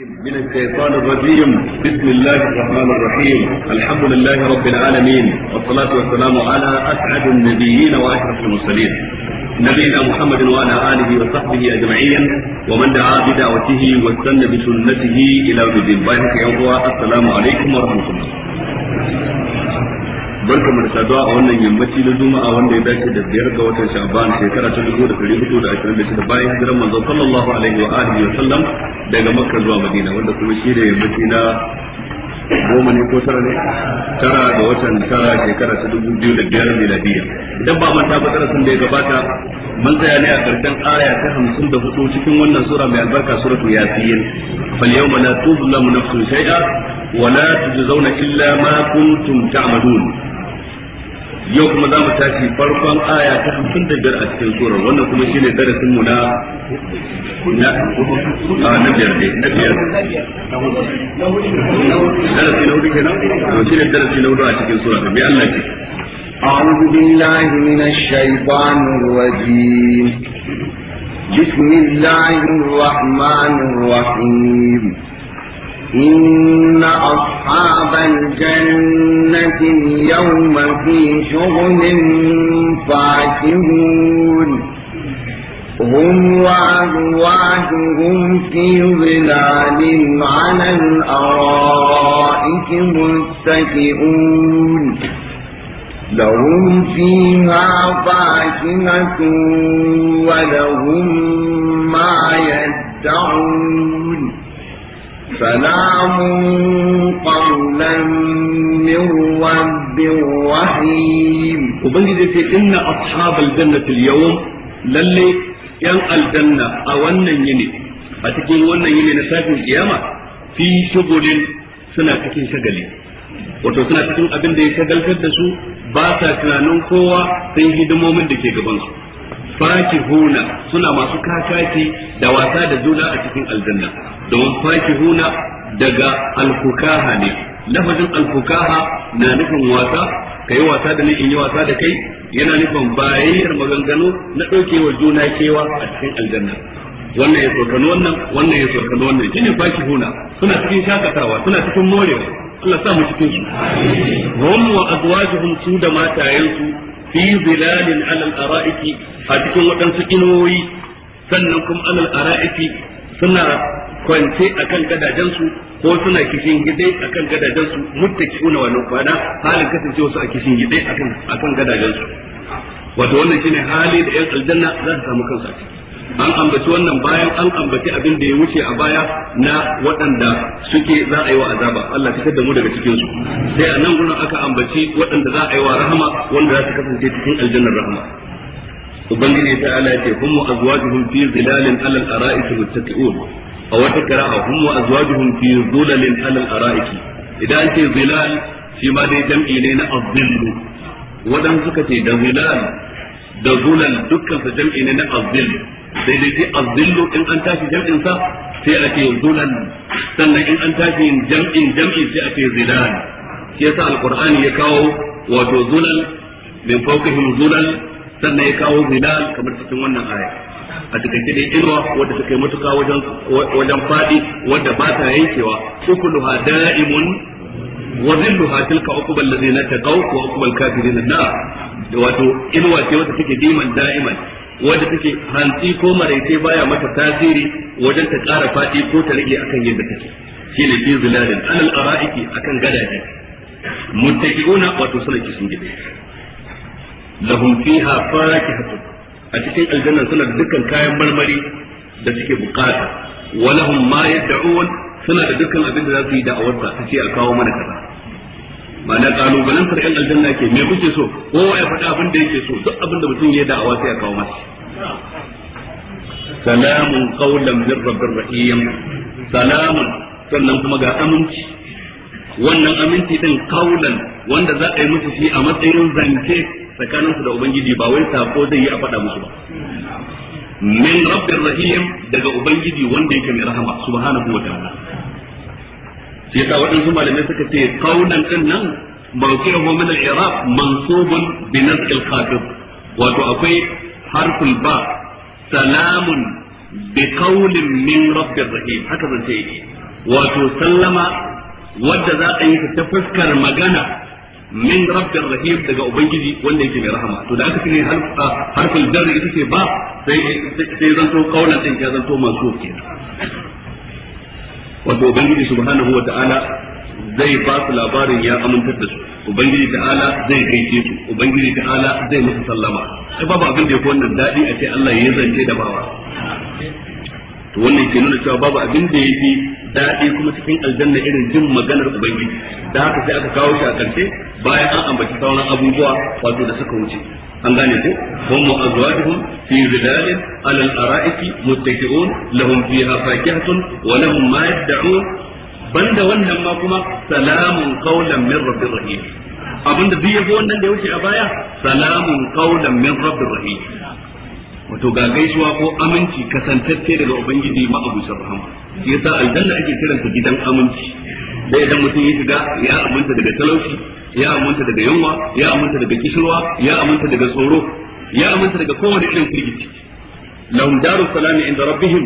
من الشيطان الرجيم بسم الله الرحمن الرحيم الحمد لله رب العالمين والصلاة والسلام على أسعد النبيين وأشرف المرسلين نبينا محمد وعلى آله وصحبه أجمعين ومن دعا بدعوته واستنى بسنته إلى وجود الدين السلام عليكم ورحمة الله barka mu da saduwa a wannan yammaci na juma'a wanda ya dace da biyar ga watan sha'ban shekara ta dubu da ɗari hudu da ashirin da shida bayan hijiran manzon sallallahu alaihi wa alihi wa sallam daga makka zuwa madina wanda kuma shi ne yammaci na goma ne ko tara ne tara ga watan tara shekara ta dubu biyu da biyar miladiya idan ba manta ba darasin da ya gabata mun tsaya ne a karshen aya ta hamsin da hudu cikin wannan sura mai albarka suratu yasin fal yawma la tuzlamu nafsun shay'a wa la tujzauna illa ma kuntum ta'malun yau kuma za mu tashi farkon aya ta hamsin da biyar a cikin surar wannan kuma shi ne darasin mu na na biyar ne na biyar darasi na hudu kenan to shi darasi na a cikin surar أعوذ بالله من الشيطان الرجيم بسم الله الرحمن الرحيم إن أصحاب الجنة اليوم في شغل فاكهون هم وأزواجهم في ظلال على الأرائك متكئون لهم فيها فاكهة ولهم ما يدعون سلام قولا من رب رحيم وبنجد إن أصحاب الجنة اليوم للي ين الجنة أولا يني أتكون ونا يني نساك القيامة في شغل سنة تكين شغلي wato suna cikin abin da ya shagaltar da su ba sa tunanin kowa sai hidimomin da ke gabansu fakihuna suna masu kakaki da wasa da juna a cikin aljanna domin fakihuna daga alfukaha ne lafazin alfukaha na nufin wasa kai wasa da ni in yi wasa da kai yana nufin bayayyar maganganu na ɗaukewa juna kewa a cikin aljanna wannan ya tsokano wannan wannan ya tsokano wannan shine huna suna cikin shakatawa suna cikin morewa Allah sa mu cikin su wa hum wa azwajuhum su da matayensu fi zilalin alal ara'iki a cikin waɗansu inuwoyi sannan kuma alal ara'iki suna kwance akan gadajensu ko suna kishin gidai akan gadajensu muttaki'una wannan nufada halin kasancewa wasu a kishin gidai akan akan gadajensu wato wannan shine hali da yan aljanna za su samu kansu a ciki an ambaci wannan bayan an ambaci abin da ya wuce a baya na waɗanda suke za a yi wa azaba Allah ka da mu daga cikin su sai a nan gurin aka ambaci waɗanda za a yi wa rahama wanda za su kasance cikin aljannar rahama ubangiji ta ala ce hum wa azwajuhum fi zilalin alal ara'iki muttaqi'un a wata qira'a hum wa azwajuhum fi zulalin alal ara'iki idan an ce zilal shi ma dai jam'i ne na azillu wadan suka ce da zilal da zulal dukkan su jam'i ne na azillu sai dai sai azillu in an tashi jam'in sa sai a ce zulan sannan in an tashi jam'in jam'i sai a ce zidan shi yasa alqur'ani ya kawo wato zulal min fawqihim zulal sannan ya kawo zidan kamar cikin wannan aya a da dai irwa wadda take mutuka wajen wajen fadi wadda ba ta yankewa ukuluha da'imun wa zilluha tilka uqbal ladina taqaw wa uqba alkafirin na wato irwa ce wanda take diman da'iman wadda take hantsi ko maraice baya mata tasiri wajen ta ƙara faɗi ko ta rage akan yadda take shine fi zilalin alal ara'iki akan gadaje muttaqiuna wato suna kishin gida lahum fiha fakihatun a cikin aljanna suna da dukkan kayan marmari da suke bukata wa lahum ma yad'un suna da dukkan abin da za su yi da da'awar ta ce a kawo mana kaza ma'ana da yan aljanna ke me kuke so kowa ya faɗa abin da yake so duk abin da mutum ya awa sai ya kawo masa salamun qawlan min rabbir rahim salamun sannan kuma ga aminci wannan aminci din qawlan wanda za a yi musu shi a matsayin zance tsakanin su da ubangiji ba wai sako zai yi a faɗa musu ba min rabbir rahim daga ubangiji wanda yake mai rahama subhanahu wa ta'ala yasa waɗansu malamai suka ce kaunan din nan mawqi'uhu min al-i'rab mansubun bi nasb al-khatib wato akwai harful ba salamun bi qawlin min rabbir rahim haka zan ce wato sallama wadda za a yi ta fuskar magana min rabbir rahim daga ubangiji wanda yake mai rahama to da aka ce harful jarri ita ce ba sai sai zanto kaunan din ya zanto mansub kenan wato ubangiji subhanahu wa ta'ala zai ba su labarin ya amintar da su ubangiji ta'ala zai gaishe su ubangiji ta'ala zai musu sallama sai babu abin da ya wannan dadi a ce Allah ya zance da bawa to wannan ke nuna cewa babu abin da yake dadi kuma cikin aljanna irin jin maganar ubangiji da haka sai aka kawo shi a karshe bayan an ambaci sauran abubuwa wato da suka wuce an gane ko hum azwajuhum fi zilal ala al-ara'ik muttaki'un lahum fiha fakihatun wa lahum ma yad'un banda wannan ma kuma salamun qawlan min rabbir rahim abinda duk yafi wannan da ya wuce a baya salamun qawlan min rabbir rahim wato ga gaisuwa ko aminci kasantacce daga ubangiji ma'abucin rahama yasa aljanna ake kiranta gidan aminci da idan mutum ya shiga ya aminta daga talauci ya aminta daga yunwa ya aminta daga kishirwa ya aminta daga tsoro ya aminta daga kowane irin firgici lahum daru salami inda rabbihim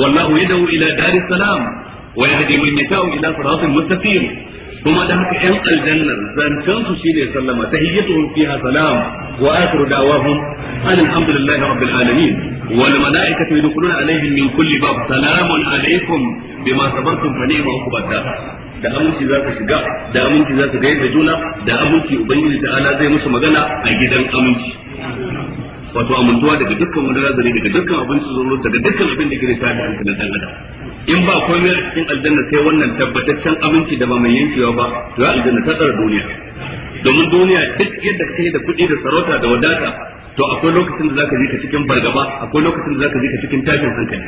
wallahu yad'u ila dari salam wa yahdi man yasha'u ila siratin mustaqim kuma da haka yan aljannar zancen su shine sallama tahiyyatuhum fiha salam wa akhiru da'wahum alhamdulillahi rabbil alamin wal malaikatu yadkhuluna alaihim min kulli bab salamun alaikum bima sabartum fa ni'ma da aminci za ka shiga da aminci za ka ga da juna da aminci ubangiji ta ala zai musu magana a gidan aminci wato amintuwa daga dukkan wani razari daga dukkan abinci zuwa daga dukkan abin da ke sa da hankalin dan in ba komai a cikin aljanna sai wannan tabbataccen aminci da ba mai yankewa ba to aljanna ta tsara duniya domin duniya duk yadda kake da kuɗi da sarauta da wadata to akwai lokacin da zaka ji ka cikin bargaba akwai lokacin da zaka ji ka cikin tashin hankali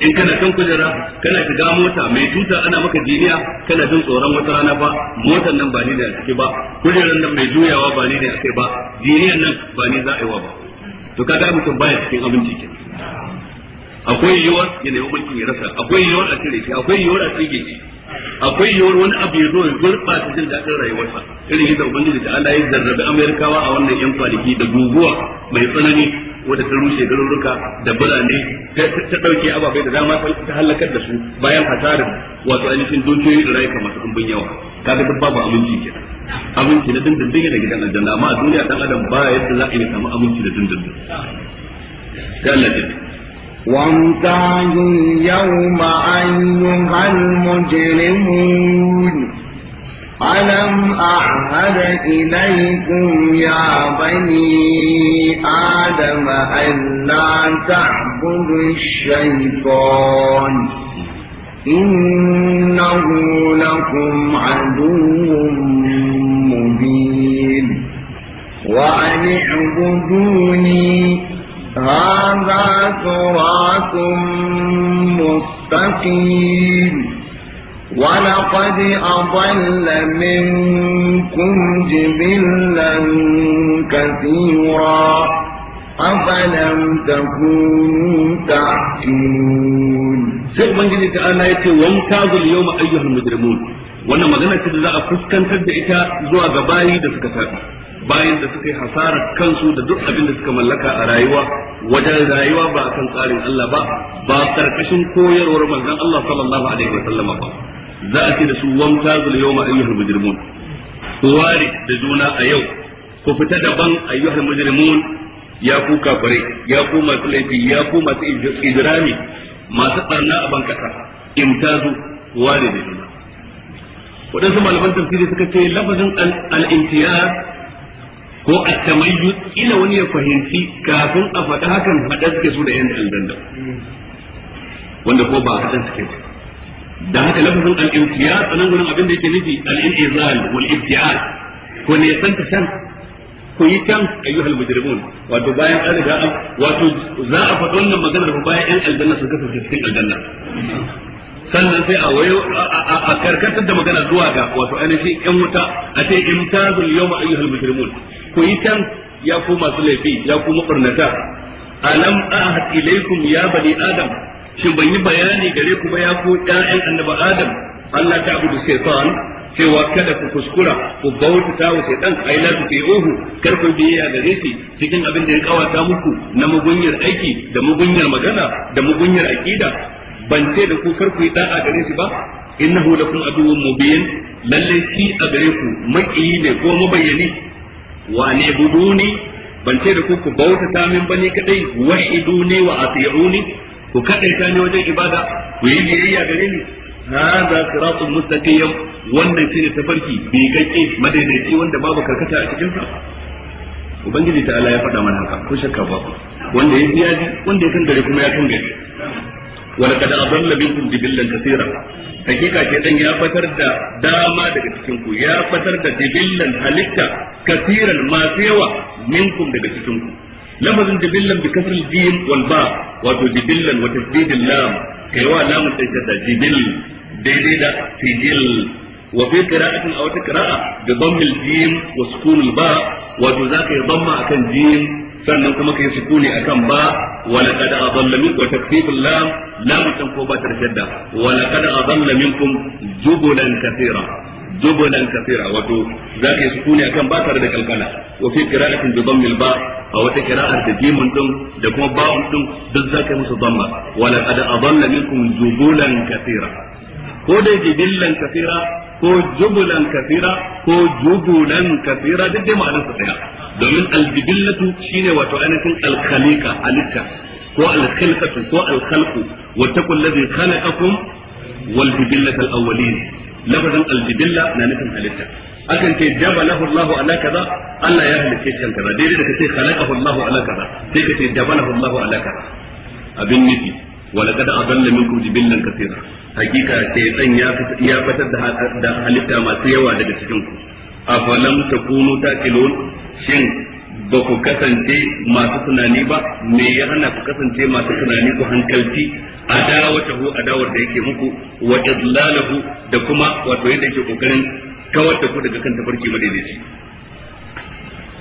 in kana kan kujera kana shiga mota mai tuta ana maka jiniya kana jin tsoron wata rana ba motar nan ba ni da ciki ba kujeran nan mai juyawa ba ni da kai ba jiniyan nan ba ni za a yi wa ba to ka ga mutum baya cikin abinci ke akwai yiwuwar ya nemi mulkin ya rasa akwai yiwuwar a cire shi akwai yiwuwar a tsige shi akwai yiwuwar wani abu ya zo ya gurɓata jin daɗin rayuwarsa irin yadda ubangiji ta Allah ya zarrabe Amerikawa a wannan yan kwanaki da guguwa mai tsanani wanda ta rushe garuruka da birane ta dauke ababai da dama ta halakar da su bayan hasarin wato ainihin dokiyoyi da rayuka masu ɗumbin yawa kaga duk babu aminci ke aminci na dindindin yana gidan aljanna amma a duniya dan adam ba yadda za a yi samu aminci da dindindin ga Allah ya وامتازوا اليوم ayyuhal mujrimun ألم أعهد إليكم يا بني آدم ألا تعبدوا الشيطان إنه لكم عدو مبين وأن اعبدوني هذا صراط مستقيم ولقد أضل منكم جبلا كثيرا أفلم تكونوا تعقلون سيد ya ce, wani يتي وامتازوا اليوم أيها المجرمون wannan magana ce da za a fuskantar da ita zuwa ga bayi da suka tafi bayan da suka yi hasarar kansu da duk abin da suka mallaka a rayuwa wajen rayuwa ba a kan tsarin Allah ba ba a karkashin koyarwar manzon Allah sallallahu alaihi wa sallama ba za a ce da su wamta zul yawma ayyuhal mujrimun ku ware da juna a yau ku fita daban ayyuhal mujrimun ya ku kafare ya ku masu laifi ya ku masu ijrami masu barna a In ta imtazu ware da juna waɗansu malaman tafsiri suka ce lafazin al-imtiyaz ko at-tamayyuz ila wani ya fahimci kafin a faɗa hakan haɗa suke su da yan dandanda. wanda ko ba haɗa suke ba da haka lafazin al-imtiyaz anan gurin abin da yake nufi al-inizal wal ibtial ko ne san ta san ku yi can ayyuhal mujrimun wato bayan an riga wato za a faɗi wannan maganar ba bayan yan aljanna sun kasance cikin aljanna sannan sai a wayo a karkatar da magana zuwa ga wato ainihin yan wuta a ce imtazul yawma ayyuhal mujrimun ku yi can ya ku masu laifi ya ku mabarnata alam ahad ilaikum ya bani adam shin ban yi bayani gare ku ba ya ku ƴaƴan annabi adam Allah ta abu da shaytan cewa kada ku kuskura ku bauta ta wa shaytan ai la uhu, kar ku biyayya gare shi cikin abin da ya kawata muku na mugunyar aiki da mugunyar magana da mugunyar aqida ban ce da ku kar ku yi da'a gare shi ba innahu lakum aduwwun mubin lalle shi a gare ku ne ko mabayyani wa ne buduni ban ce da ku ku bauta ta min bane kadai wahiduni wa ati'uni ku kadaita ni wajen ibada ku yi biyayya gare ni hadha siratun mustaqim wannan shine tafarki bi gaske madaidaici wanda babu karkata a cikin sa ubangiji ta Allah ya faɗa mana haka ko shakka ba wanda ya biya ji wanda ya kangare kuma ya kangare wa laqad adalla minkum jibillan kaseera hakika ke dan ya fatar da dama daga cikin ku ya fatar da jibillan halitta kaseeran masu yawa minkum daga cikin ku lafazin jibillan bi kasr al-jim wal ba wato jibillan wa tasdid lam kaiwa lamun sai ta jibil daidai da sijil wa fi qira'atin aw tikra'a bi dhamm al-jim ba wato zaka yi dhamma akan jim sannan kuma kai sukuni akan ba wa laqad lam ko ba dubulan kasira wato za ka yi sukuni akan ba tare da kalkala wa fi qira'atin bi dhammil ba a wata qira'ar da jimin din da kuma ba'un din duk za ka yi musu dhamma wa laqad adalla minkum jubulan kasira ko da jibillan kasira ko jubulan kafira, ko jubulan kasira duk dai ma'anar su daya domin aljibillatu shine wato ainihin alkhaliqa halitta ko alkhilqatu ko alkhalqu wa taqul ladhi khalaqakum wal jibillatu alawwalin lafazin aljibilla na nufin halitta akan ce jabalahu Allahu ala kaza Allah ya halitta shi kaza daidai da kace khalaqahu Allahu ala kaza sai kace jabalahu Allahu ala kaza abin nufi wala kada adalla minkum jibillan kaseera hakika sai dan ya ya fatar da halitta masu yawa daga cikin ku afalam takunu taqilun shin ba ku kasance masu tunani ba me ya hana ku kasance masu tunani ku hankalci a adawar da yake muku wa idlalahu da kuma wato yadda yake kokarin kawar da ku daga kan tafarki madaidaici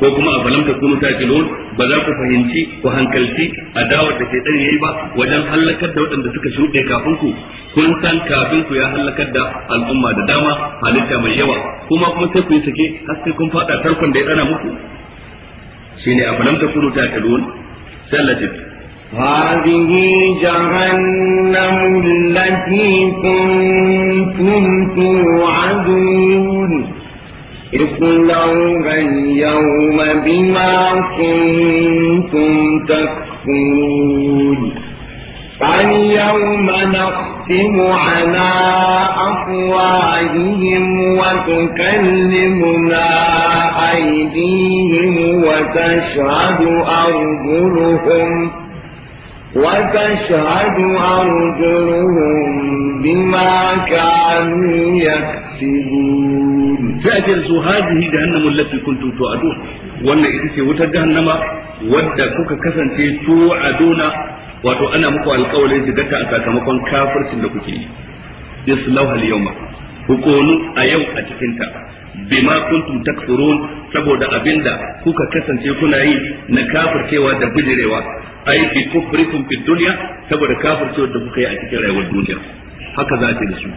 ko kuma a falam takunu tajilun ba za ku fahimci ku hankalci dawo da ke dan yayi ba wajen halakar da waɗanda suka shuɗe kafin ku kun san kafin ku ya halakar da al'umma da dama halitta mai yawa kuma kuma sai ku yi sake har sai kun faɗa tarkon da ya tsana muku shine afalam takunu taqilun sallatit هذه جهنم التي كنتم توعدون اصلوها اليوم بما كنتم تكفرون فاليوم نختم على أفواههم وتكلمنا أيديهم وتشهد أرجلهم وتشهد أرجلهم بما كانوا يكسبون فأجلسوا هذه جهنم التي كنتم توعدون وأن إذا وتجهنم ودى كوكا كسن توعدون wato ana muku alƙawarin jidata a sakamakon kafircin da kuke yi islahu al-yawma hukunu a yau a cikin ta bima kuntum takfurun saboda abinda kuka kasance kuna yi na kafircewa da bijirewa ai bi kufrikum fid dunya saboda kafircewa da kuka yi a cikin rayuwar duniya haka za ta da su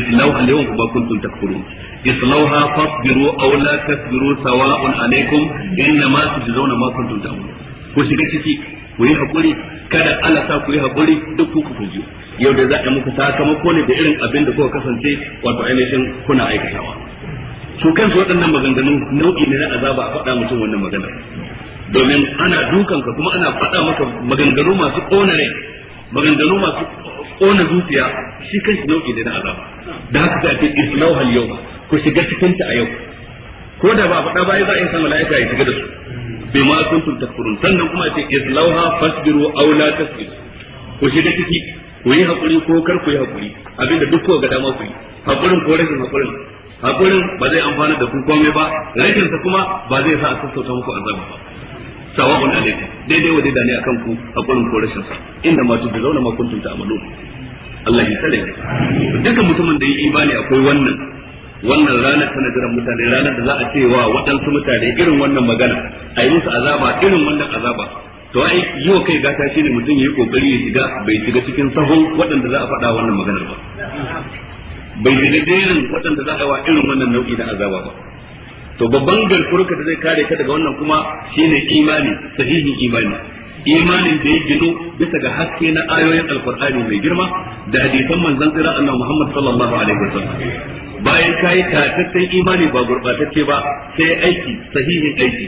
islauha al-yawma bima kuntum takfurun islauha fasbiru aw la tasbiru sawa'un alaykum inma tujzauna ma kuntum ta'malun ku shiga ciki ku yi hakuri kada ana sa ku yi hakuri duk ku ku ji yau da za a muku sakamako ne da irin abin da kuka kasance wato ainihin kuna aikatawa su kansu waɗannan maganganun nau'i ne na azaba a faɗa mutum wannan magana domin ana dukan ka kuma ana faɗa maka maganganu masu ƙona rai maganganu masu ƙona zuciya shi kanshi nau'i ne na azaba da haka ta ce islau hal yau ku shiga cikin ta a yau ko da ba faɗa ba za a yi sama mala'ika ya shiga da su bima kuntum takfurun sannan kuma yace islauha fasbiru aw la tasbiru ku da kiki ku yi hakuri ko kar ku yi hakuri abinda duk kowa ga dama ku yi hakurin ko rashin hakurin hakurin ba zai amfana da ku komai ba rashin sa kuma ba zai sa a sassauta muku azabi ba sawa'un alaikum daidai wa daidai ne akan ku hakurin ko rashin sa inda ma tu zauna ma kuntum ta'malun Allah ya tsare dukkan mutumin da ya imani akwai wannan wannan ranar tana jiran mutane ranar da za a ce wa waɗansu mutane irin wannan magana a yi musu azaba irin wannan azaba to ai yi wa kai gata shi ne mutum ya yi kokari ya shiga bai shiga cikin sahun waɗanda za a faɗa wannan maganar ba bai shiga jerin waɗanda za a wa irin wannan nau'i na azaba ba to babban garkurka da zai kare ka daga wannan kuma shine imani sahihin imani imanin da ya gino bisa ga haske na ayoyin alkur'ani mai girma da hadisan manzon tsira annabi Muhammad sallallahu alaihi wasallam bayan yi tatattun imani ba gurbatacce ba sai aiki sahihin aiki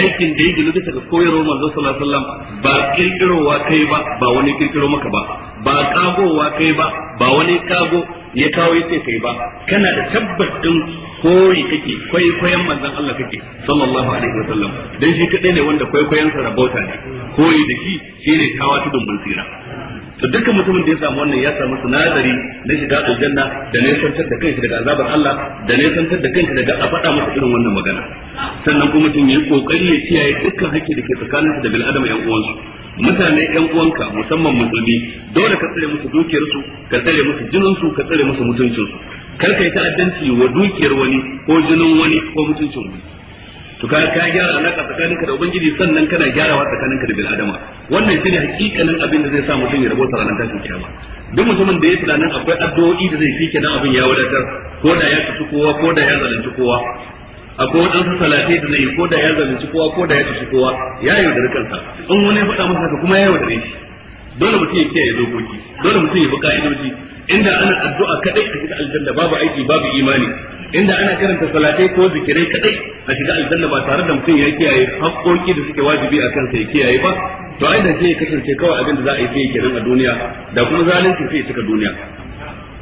aikin da ya gina bisa ga koyarwar manzo sallallahu alaihi wasallam ba kirkirowa kai ba ba wani kirkiro maka ba ba kagowa kai ba ba wani kago ya kawo yace kai ba kana da tabbas din koyi kake kwaikwayon manzon Allah kake sallallahu alaihi wasallam dan shi kadai ne wanda kwaikwayon sa rabota ne koyi da shi shine kawa tudun mun tsira to dukkan mutumin da ya samu wannan ya samu sinadari na shiga aljanna da ne santar da kanshi daga azabar Allah da ne santar da kanshi daga a faɗa masa irin wannan magana sannan kuma mutum yayi kokari ya kiyaye dukkan hakki da ke tsakaninsa da bil yan uwansu mutane yan uwanka musamman musulmi dole ka tsare musu dukiyarsu ka tsare musu jininsu ka tsare musu mutuncinsu kar ka yi ta'addanci wa dukiyar wani ko jinin wani ko mutuncin wani to ka ka gyara alaka tsakaninka da ubangiji sannan kana gyarawa tsakaninka da bil'adama adama wannan shine hakikanin abin da zai sa mutum ya rabota ranar tashin kiyama duk mutumin da ya yi tunanin akwai addu'o'i da zai fike nan abin ya wadatar ko da ya kasu kowa ko da ya zalunci kowa akwai waɗansu salate da zai yi ko da ya zalunci kowa ko da ya kasu kowa ya yaudari kansa in wani faɗa masa haka kuma ya yaudare shi dole mutum ya kiyaye dokoki dole mutum ya bi ka'idoji inda ana addu'a kadai a cikin aljanna babu aiki babu imani inda ana karanta salatai ko zikirai kadai a shiga aljanna ba tare da mutum ya kiyaye haƙƙoƙi da suke wajibi a kansa ya kiyaye ba to ai da sai ya kasance kawai abin da za a yi sai kiran a duniya da kuma zalunci sai cika duniya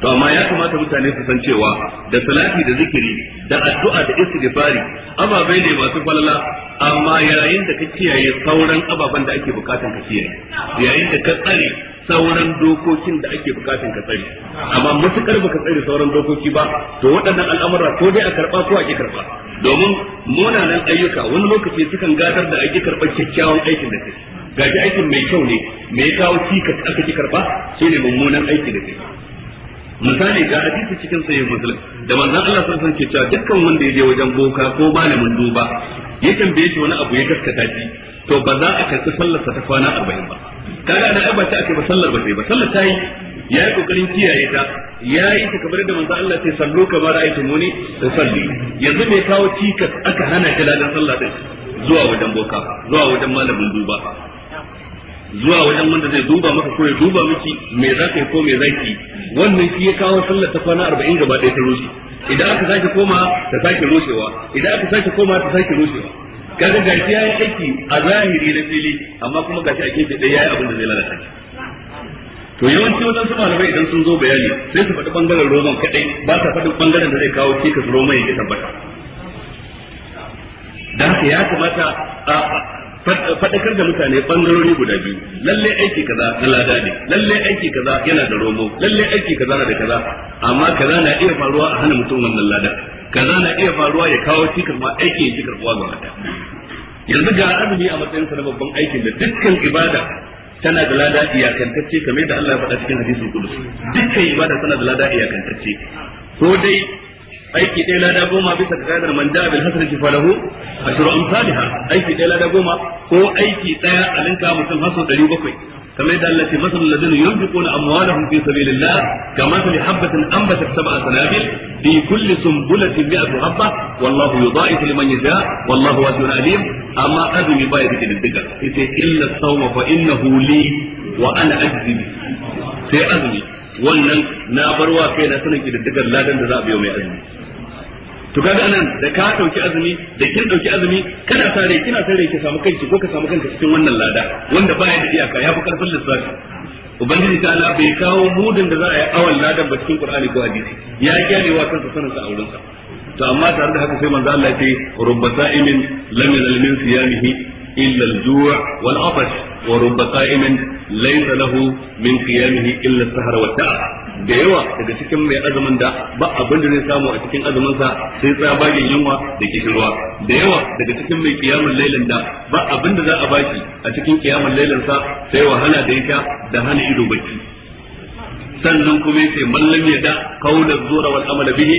to amma ya kamata mutane su san cewa da salati da zikiri da addu'a da istighfari ababai ne masu falala amma yayin da ka kiyaye sauran ababen da ake bukatan ka kiyaye yayin da ka tsare sauran dokokin da ake bukatun ka tsari, amma matukar baka tsari sauran dokoki ba to waɗannan al'amura ko dai a karɓa ko ake karɓa. domin munanan ayyuka wani lokaci sukan gadar da ake karɓa kyakkyawan aikin da kai gaji aikin mai kyau ne me ya kawo cikas aka ki karba shine mummunan aiki da kai misali ga hadisi cikin sahih muslim da manzon Allah sallallahu alaihi wasallam ke cewa dukkan wanda ya je wajen boka ko malamin duba ya tambaye shi wani abu ya gaskata shi to ba za a karɓi sallarsa ta kwana arba'in ba kaga na aibata ake ba sallar ba sai ba sallar ta yi ya yi kokarin kiyaye ta ya yi ta kamar da manzo Allah sai sallu kamar ra'aytu muni sai salli yanzu bai kawo cikas aka hana ta ladan sallah din zuwa wajen boka zuwa wajen malamin duba zuwa wajen wanda zai duba maka ko ya duba miki me za ka yi ko me za ki wannan shi ya kawo sallar ta kwana 40 gaba ɗaya ta rushe idan aka sake koma ta sake rushewa idan aka sake koma ta sake rushewa kaga gashi yayi aiki a zahiri na fili amma kuma gashi a gefe ɗaya yayi abin da zai lalata shi to yawanci wajen su malamai idan sun zo bayani sai su faɗi bangaren roman kaɗai ba ta faɗin bangaren da zai kawo ka roman ya tabbata da haka ya kamata a faɗakar da mutane bangarori guda biyu lalle aiki kaza na lada ne lalle aiki kaza yana da romo lalle aiki kaza na da kaza amma kaza na iya faruwa a hana mutum wannan lada kaza na iya faruwa ya kawo cikin ma aiki ya cikin karbuwa ga yanzu ga azumi a matsayin sa na babban aikin da dukkan ibada tana da lada iyakantacce kamar da Allah ya faɗa cikin hadisin kudus dukkan ibada tana da lada iyakantacce ko dai aiki ɗaya lada goma bisa ga kadar man da bil hasan ki falahu ashru amsalha aiki ɗaya lada goma ko aiki ɗaya alinka mutum haso 700 كما يدعى التي مثل الذين ينفقون أموالهم في سبيل الله كمثل حبة أنبتت سبع سنابل في كل سنبلة مئة حبة والله يضاعف لمن يشاء والله واسع عليم أما أدري باية الذكر إلا الصوم فإنه لي وأنا أجزي به سيأذني wannan na barwa kai na sanin kididdigar ladan da za a biyo mai azumi to kaga anan da ka dauki azumi da kin dauki azumi kana sare kina rai ki samu kanki ko ka samu kanka cikin wannan lada wanda baya da iyaka ya fi karfin lissafi ubangiji ta Allah bai kawo mudun da za a yi awan ladan ba cikin Qur'ani ko hadisi ya kyale wa kansa sanin sa auren sa to amma tare da haka sai manzo Allah ya ce rubba sa'imin lam yalmin siyamihi إلا الجوع والعطش ورب قائم ليس له من قيامه إلا السهر والتعب da yawa daga cikin mai azumin da ba abin da zai samu a cikin azumin sa sai tsabagen yunwa da kishirwa da yawa daga cikin mai kiyamun lailan da ba abin da za a baki a cikin kiyamun lailan sa sai wahala da ita da hana ido bacci sannan kuma yace mallam ya da kauna zura wal amala bihi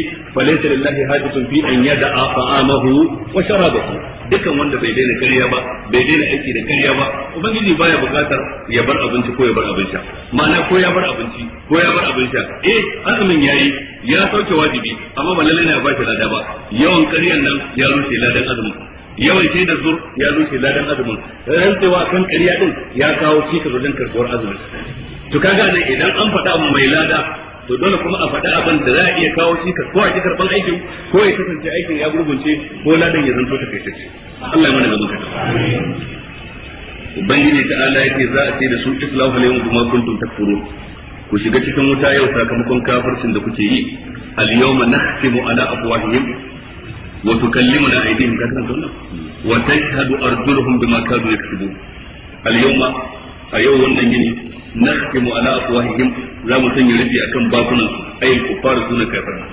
laysa lillahi hajatun fi an yada fa'amahu wa sharabahu dukan wanda bai daina kariya ba bai daina aiki da kariya ba ubangiji baya buƙatar ya bar abinci ko ya bar abin sha ma'ana ko ya bar abinci ko ya bar abin sha eh azumin yayi ya sauke wajibi amma ba lallai ne ya bashi lada ba yawan kariyan nan ya rushe ladan azumin yawan sai da zur ya rushe ladan azumin rantsewa kan kariya din ya kawo cikin wajen karbuwar azumin to kaga nan idan an faɗa abu mai lada to dole kuma a faɗa abin da za a iya kawo shi ko a ki karɓan aikin ko ya kasance aikin ya gurgunce ko ladan ya zanto takaitacce Allah ya mana gaban kata ubangiji ta ala yake za a ce da su islahu alayhim kuma kuntum takfurun ku shiga cikin wuta yau sakamakon kafircin da kuke yi al yawma nahtimu ala afwahihim wa tukallimuna aydihim ka kan wannan wa tashhadu arjuluhum bima kanu yaktubun al yawma a yau wannan gini na nahkimu ala afwahihim za mu sanya rufi akan bakunan su ay kufaru suna kafirna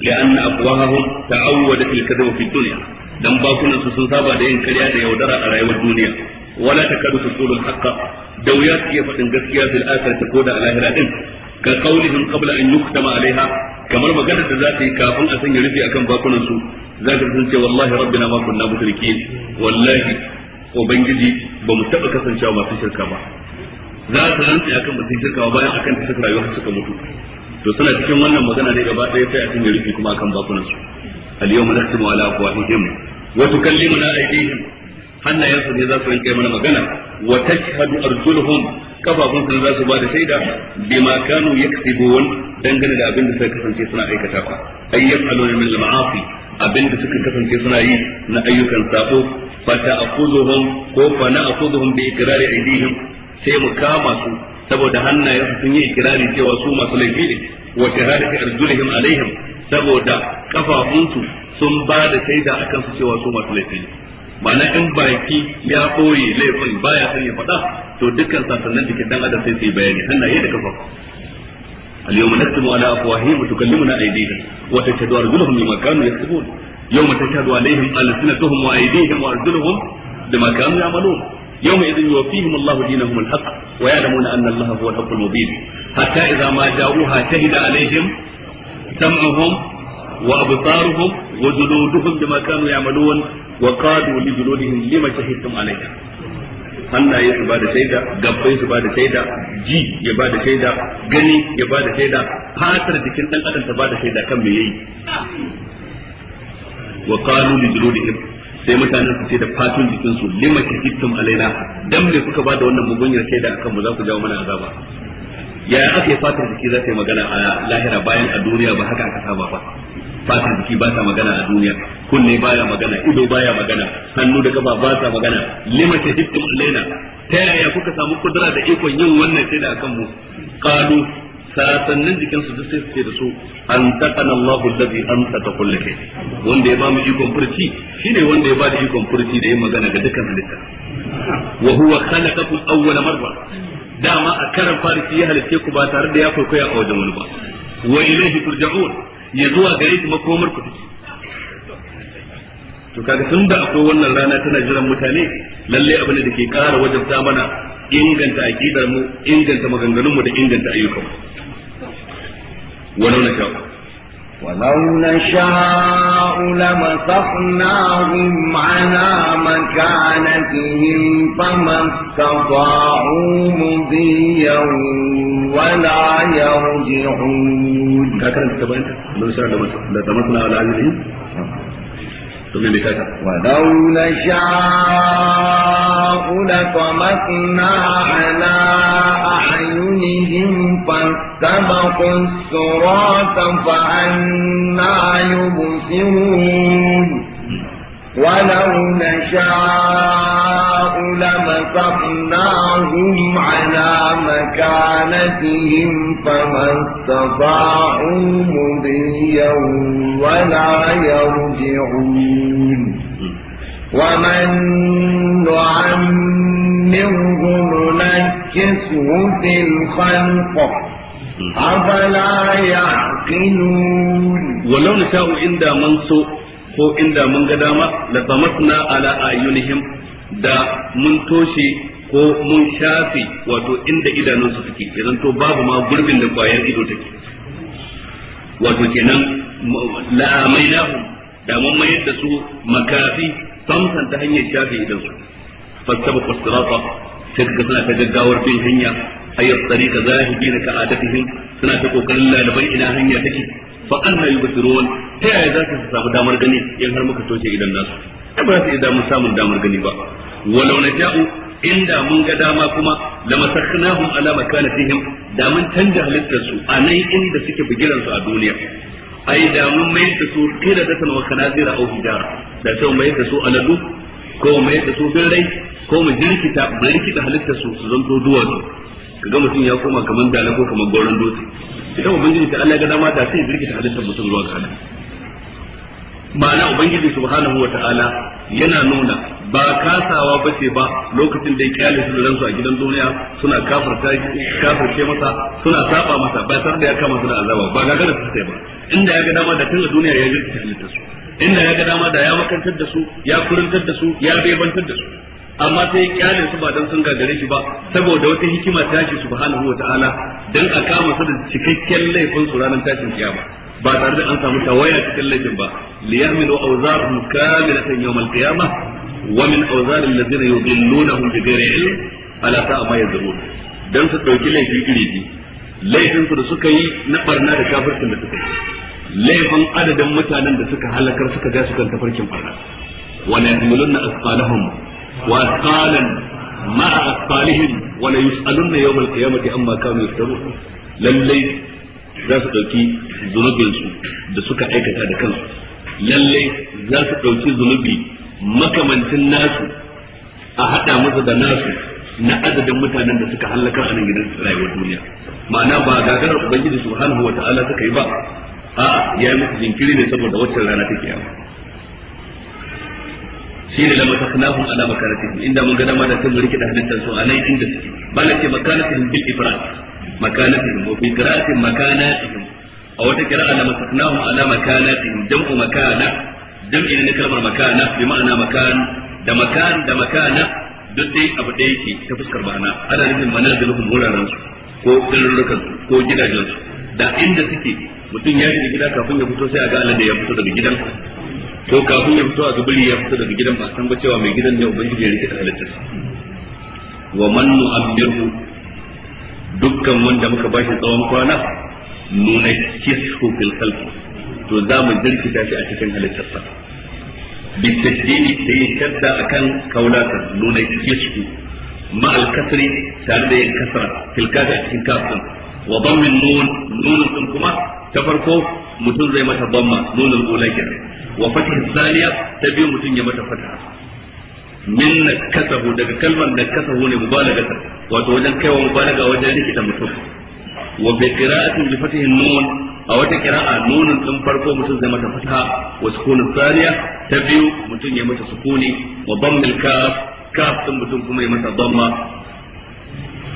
لأن أفواههم تعودت الكذب في الدنيا dan bakunan su sun saba da yin kariya da yaudara a rayuwar duniya wala takadu tusulul haqqa da wuya su iya faɗin gaskiya fil ta ko da alahira din ka qaulihim qabla an yuktama alaiha kamar maganar da za ta yi kafin a sanya rufi akan bakunan su za ka sun ce wallahi rabbina ma kunna mushrikin wallahi ubangiji ba mu taba kasancewa masu shirka ba za su rantsi akan ba su shirka ba bayan akan ta suka rayuwa suka mutu to suna cikin wannan magana ne gaba ɗaya sai a cikin rufi kuma akan bakunan su al-yawma nakhtimu ala afwahihim wa tukallimuna aydihim hannayen su ne za su rinka mana magana wa tashhadu arjuluhum kafafun su za su ba da shaida bima kanu yaktibun dangane da abin da suka kasance suna aikata ba ayyukan min al-ma'asi abin da suka kasance suna yi na ayyukan sabo fata'khudhuhum ko fa na'khudhuhum bi ikrari aydihim sai mu kama su saboda hannayen su sun yi ikrari cewa su masu laifi ne wa shahadati arjulihim alaihim saboda kafafunsu sun ba da shaida akan su cewa masu laifi ne in baki ya boye laifin baya son ya faɗa to dukkan sassanin jikin dan adam sai su yi bayani hannaye da kafafu اليوم نكتم على افواههم وتكلمنا ايديهم وتشهد ارجلهم بما كانوا يكسبون yawma tashhadu alaihim alsinatuhum wa aydihim wa arjuluhum bima kanu ya'malun يوم إذ يوفيهم الله دينهم الحق ويعلمون أن الله هو الحق المبين حتى إذا ما جاءوها شهد عليهم سمعهم وأبصارهم وجلودهم بما كانوا يعملون وقالوا لجلودهم لما شهدتم علينا hannaye su bada shaida gabbai su bada shaida ji ya bada shaida gani ya bada shaida fatar jikin dan adam ta bada shaida kan me yayi wa qalu li juludihim sai mutanen su ce da fatun jikin su lima kitum alaina dan me kuka bada wannan mugunyar da akan mu za ku jawo mana azaba ya ake fatun jiki za ta yi magana a lahira bayan a duniya ba haka aka saba ba fatun jiki ba ta magana a duniya kunne baya magana ido baya magana hannu da gaba ba ta magana lima kitum alaina ta yaya kuka samu kudura da ikon yin wannan da akan mu qalu sasannin jikin su sai su ce da su an taqana Allahu allazi amsaka kulli shay wanda ya ba mu ikon furci shine wanda ya ba da ikon furci da yin magana ga dukkan halitta wa huwa khalaqakum awwal marra dama a karan shi ya halitte ku ba tare da ya kwaikwaya a wajen wani ba wa ilayhi turja'un ya zuwa gare shi makomar ku take to kaga tun da akwai wannan rana tana jiran mutane lalle abin da ke kara ta mana inganta aqidar mu inganta maganganun mu da inganta ayyukan mu walau na sha'a ولو نشاء لمسخناهم على مكانتهم فما استطاعوا مضيا ولا يرجعون. كاكا انت تبعت؟ لو شاء لمسخنا على عزلهم؟ ولو نشاء لطمسنا على أعينهم فاستبقوا الصراط فأنا يبصرون ولو نشاء نشاء لمسخناهم على مكانتهم فما استطاعوا مضيا ولا يرجعون ومن نعمره ننكسه في الخلق أفلا يعقلون ولو نشاء عند منسوخ ko inda mun ga dama la tamatna ala ayunihim da mun toshe ko mun shafe wato inda idanunsu suke ya zanto babu ma gurbin da kwayar ido take wato kenan la'amai nahu da mun mayar da su makafi samsan ta hanyar shafe idansu fastaba fasirata sai kaga suna ta gaggawar bin hanya ayyar tsari ka zahiri ka adafihin suna ta kokarin lalabar ina hanya take fa anna yubsirun ta yaya za su samu damar gani in har muka toshe idan nasu ai ba za su damar samun damar gani ba walau na ja'u inda mun ga dama kuma lamasakhnahum ala makanatihim da mun canja halittar su a inda suke bigiran su a duniya ai da mun mai da su kira da tanwa kanazira au hijara da sai mai da su aladu ko mai da su birrai ko mu jirkita mu rikita halittar su su zanto duwatsu kaga mutum ya koma kamar dala ko kamar goron dutse idan ubangiji ta Allah ga dama da sai ta halittar mutum zuwa ga Allah ma'ana ubangiji subhanahu wa ta'ala yana nuna ba kasawa ba ce ba lokacin da ya kyale su da su a gidan duniya suna kafirta kafirce masa suna saba masa ba tare da ya kama suna da azaba ba ga gara su sai ba inda ya ga dama da tun duniya ya girka halitta su inda ya ga dama da ya makantar da su ya kurantar da su ya bebantar da su amma sai kyale su ba dan sun gagare shi ba saboda wata hikima ta shi subhanahu ta'ala dan a kama su da cikakken laifin su ranar tashin kiyama ba tare da an samu tawaya cikin laifin ba liyamilu awzarhum kamilatan yawmal qiyamah wa min awzar alladhina yudillunahum bighairi ilm ala sa'a ma yazurun dan su dauki laifin iri laifin su da suka yi na barna da kafircin da suka yi laifin adadin mutanen da suka halakar suka ga su kan tafarkin barna wa la yahmilunna asqalahum واثقالا مع اثقالهم ولا يسالون يوم القيامه عما كانوا يفترون للي za su ɗauki zunubinsu da suka aikata da kansu lallai za su ɗauki zunubi makamancin nasu a haɗa musu da nasu na adadin mutanen da suka hallaka a nan gidan rayuwar duniya ma'ana ba gagarar ubangiji subhanahu wa ta'ala suka yi ba a ya yi musu jinkiri ne saboda waccan rana ta yawa. shi ne lamar tasnahum ala makarati inda mun ga dama da sun rike da halittar su a nan inda suke ba na ce makaratihim bil ifrat makaratihim wa bi qira'atin makanatihim a wata qira'a lamar tasnahum ala makanatihim jam'u makana jam'i ne na kalmar makana bi ma'ana makan da makan da makana duk dai abu da yake ta fuskar ba'ana ana nufin manaziluhum wuraren su ko garurukan su ko gidajen su da inda suke mutum ya shiga gida kafin ya fito sai a ga Allah da ya fito daga gidan to kafin ya fito a zubiri ya fito daga gidan ba san ba cewa mai gidan ne ubangiji ya rike da halitta wa man nu'ammiru dukkan wanda muka bashi tsawon kwana nuna kisu fil khalqi to za mu jirkita shi a cikin halittarsa bitajjini da yin shadda akan kaulatan nuna kisu ma al kasri tare da yin kasra fil kafi a cikin kafin wa dammin nun nunun din kuma ta farko mutum zai mata damma nunul ula kenan wa fatih thaniya ta biyu mutum ya mata fataha min nakasahu daga kalmar nakasahu ne ta. wato wajen kaiwa mubalaga wajen rikita mutum wa bi qira'atin bi fatih nun a wata qira'a nunin din farko mutum zai mata fataha wa sukunin thaniya ta biyu mutum ya mata sukuni wa dammil kaf kaf din mutum kuma ya mata damma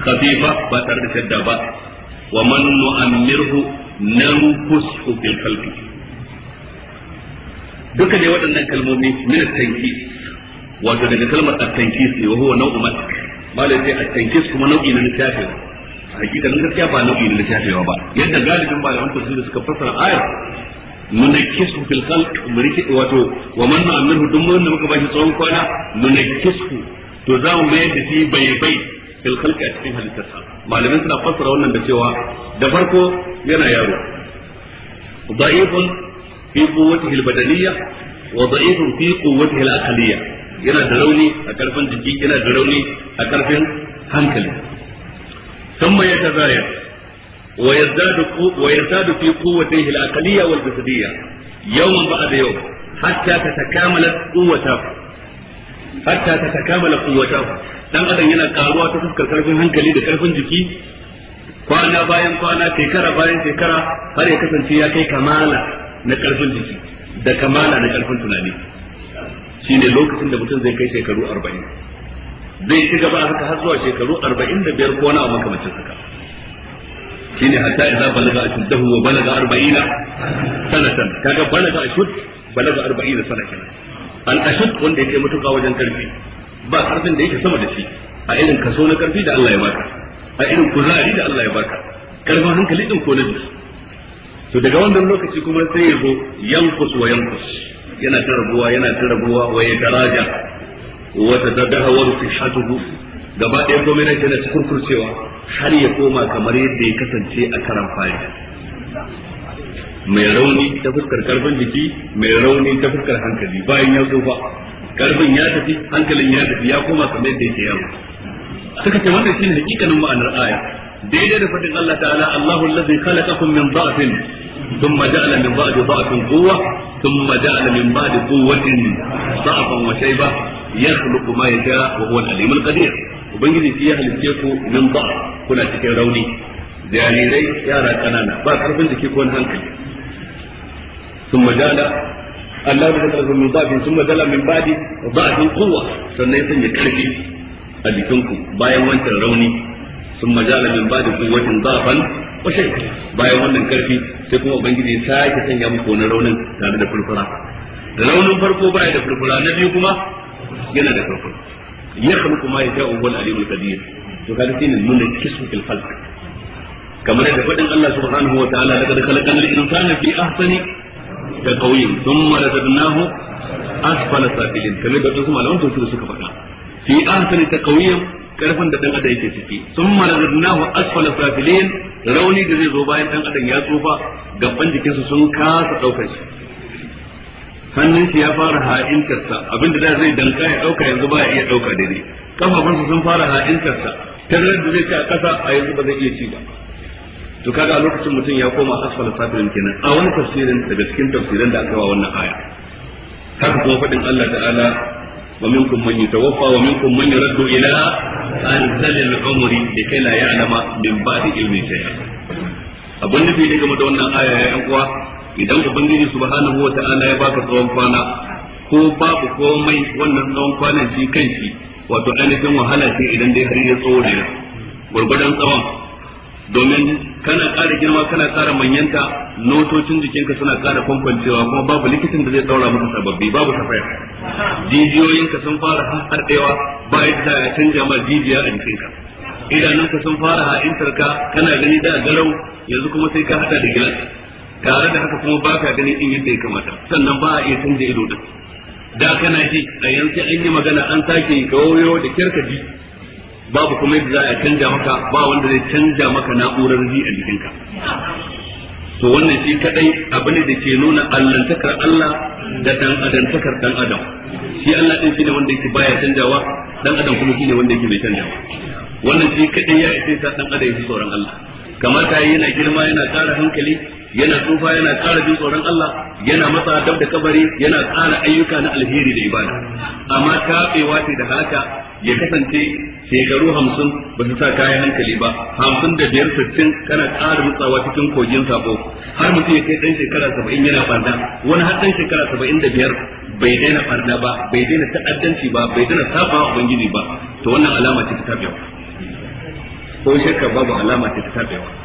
khafifa ba tare da shadda ba wa man nu'ammirhu nanqushu fil khalqi duka ne waɗannan kalmomi min at-tankis wato daga kalmar at ne wa huwa nau'u matak malai sai at-tankis kuma nau'i ne na tafiya hakikanin gaskiya ba nau'i ne na tafiya ba yadda galibin malaman tafsiri suka fassara ayar nunakkisu fil khalq muriki wato wa man nu'ammirhu dun mun muka bashi tsawon kwana nunakkisu to za mu mayar da shi bai bai fil khalqi a cikin halittarsa malamin suna fassara wannan da cewa da farko yana yaro da'ifun fi quwwatihi al-badaniyya wa da'ifun fi quwwatihi al-aqliyya yana da rauni a karfin jiki yana da rauni a karfin hankali wa ثم يتزايد ويزداد ويزداد في قوته العقلية والجسدية يوما بعد يوم حتى تتكامل قوته حتى تتكامل قوته dan adam yana karuwa ta fuskar karfin hankali da karfin jiki kwana bayan kwana shekara bayan shekara har ya kasance ya kai kamala na karfin jiki da kamala na karfin tunani shine lokacin da mutum zai kai shekaru arba'in zai ci gaba haka har zuwa shekaru arba'in da biyar ko na makamacin haka shine hatta idza balaga ashuddahu wa balaga arba'ina sanatan kaga balaga ashud balaga arba'ina sanatan al ashud wanda yake mutuka wajen karfi ba harfin da yake sama da shi a irin kaso na karfi da Allah ya baka a irin kuzari da Allah ya baka karfin hankali din ko na jiki to daga wannan lokaci kuma sai ya zo yankus wa yankus yana ta rabuwa yana ta rabuwa wa ya daraja wa wa fi hadhu gaba ɗaya komai nake na kurkurcewa har ya koma kamar yadda ya kasance a karan fari mai rauni ta fuskar karfin jiki mai rauni ta fuskar hankali bayan ya tsufa karfin ya tafi hankalin ya tafi ya koma kamar yadda yake yawo suka ce wannan shine hakikanin ma'anar aya daidai da fadin Allah ta'ala Allahu allazi khalaqakum min dha'fin thumma ja'ala min ba'di dha'fin quwwa thumma ja'ala min ba'di quwwatin dha'fan wa shayba yakhluqu ma yasha wa huwa al-alim al-qadir ubangiji shi ya halitte ku min dha'f kuna cikin rauni jarirai yara kanana ba karfin jiki ko hankali thumma ja'ala Allah da zaka min dafin sun madala min badi dafin quwwa sannan ya sanya karfi a jikinku bayan wancan rauni sun majala min badi quwwatin dafan wa shay bayan wannan karfi sai kuma ubangiji ya sake sanya muku wani raunin tare da furfura raunin farko baya da furfura na biyu kuma yana da furfura ya khluqu ma yasha'u wal alimul qadir to kaga shine kisu kamar da faɗin Allah subhanahu wa ta'ala daga khalaqal insana ka kauyin sun maradadnahu asfala safilin kamar da wasu malaman tafsir suka faɗa fi ahsani ta kauyin karfin da dan adam yake ciki sun maradadnahu asfala safilin rauni da zai zo bayan ɗan adam ya tsufa gaban jikinsa sun kasa daukar shi hannun shi ya fara ha'intarsa abinda da zai danka ya dauka yanzu ba ya iya dauka daidai kafafunsa sun fara ha'intarsa tarar da zai ci a kasa a yanzu ba zai iya ci ba to kaga a lokacin mutum ya koma asfal safirin kenan a wani tafsirin daga cikin tafsirin da aka wa wannan aya haka kuma faɗin Allah ta'ala wa minkum man yatawaffa wa minkum man yuraddu ila anzal al-umri likay la ya'lama min ba'di ilmi shay'a abun da bai daga mata wannan aya ya yan uwa idan ubangiji subhanahu wa ta'ala ya baka tsawon kwana ko babu komai wannan tsawon kwanan shi kanshi wato ainihin wahala ce idan dai har ya tsawo ne gurgudan tsawon domin kana ƙara girma kana ƙara manyanta notocin jikinka suna ƙara kwankwancewa kuma babu likitan da zai daura maka sababbi babu safaya jijiyoyinka sun fara harɗewa ba da ya canja ma jijiya a jikinka idanunka sun fara ha'intar ka kana gani da garau yanzu kuma sai ka hada da gilas tare da haka kuma ba ka gani in yadda ya kamata sannan ba a iya canja ido da da kana ji a yanzu an yi magana an sake gawoyo da kyarkaji babu kuma yadda za a canja maka ba wanda zai canja maka na'urar ji a jikinka to wannan shi kadai abu ne da ke nuna allantakar Allah da dan adantakar dan adam shi Allah din shine wanda yake baya canjawa dan adam kuma shine wanda yake mai canjawa wannan shi kadai ya isa sa dan adam ya tsoron Allah kamata yana girma yana tsara hankali yana tsufa yana ƙara jin tsoron Allah yana matsa dab da kabari yana ƙara ayyuka na alheri da ibada amma taɓewa ce da halaka ya kasance shekaru hamsin ba su sa kayan hankali ba hamsin da biyar sittin kana ƙara mutsawa cikin kogin sabo har mutum ya kai ɗan shekara saba'in yana farda wani har ɗan shekara saba'in da biyar bai daina farda ba bai daina ta'addanci ba bai daina saba wa ubangiji ba to wannan alama ce ta tabewa ko shakka babu alama ce ta tabewa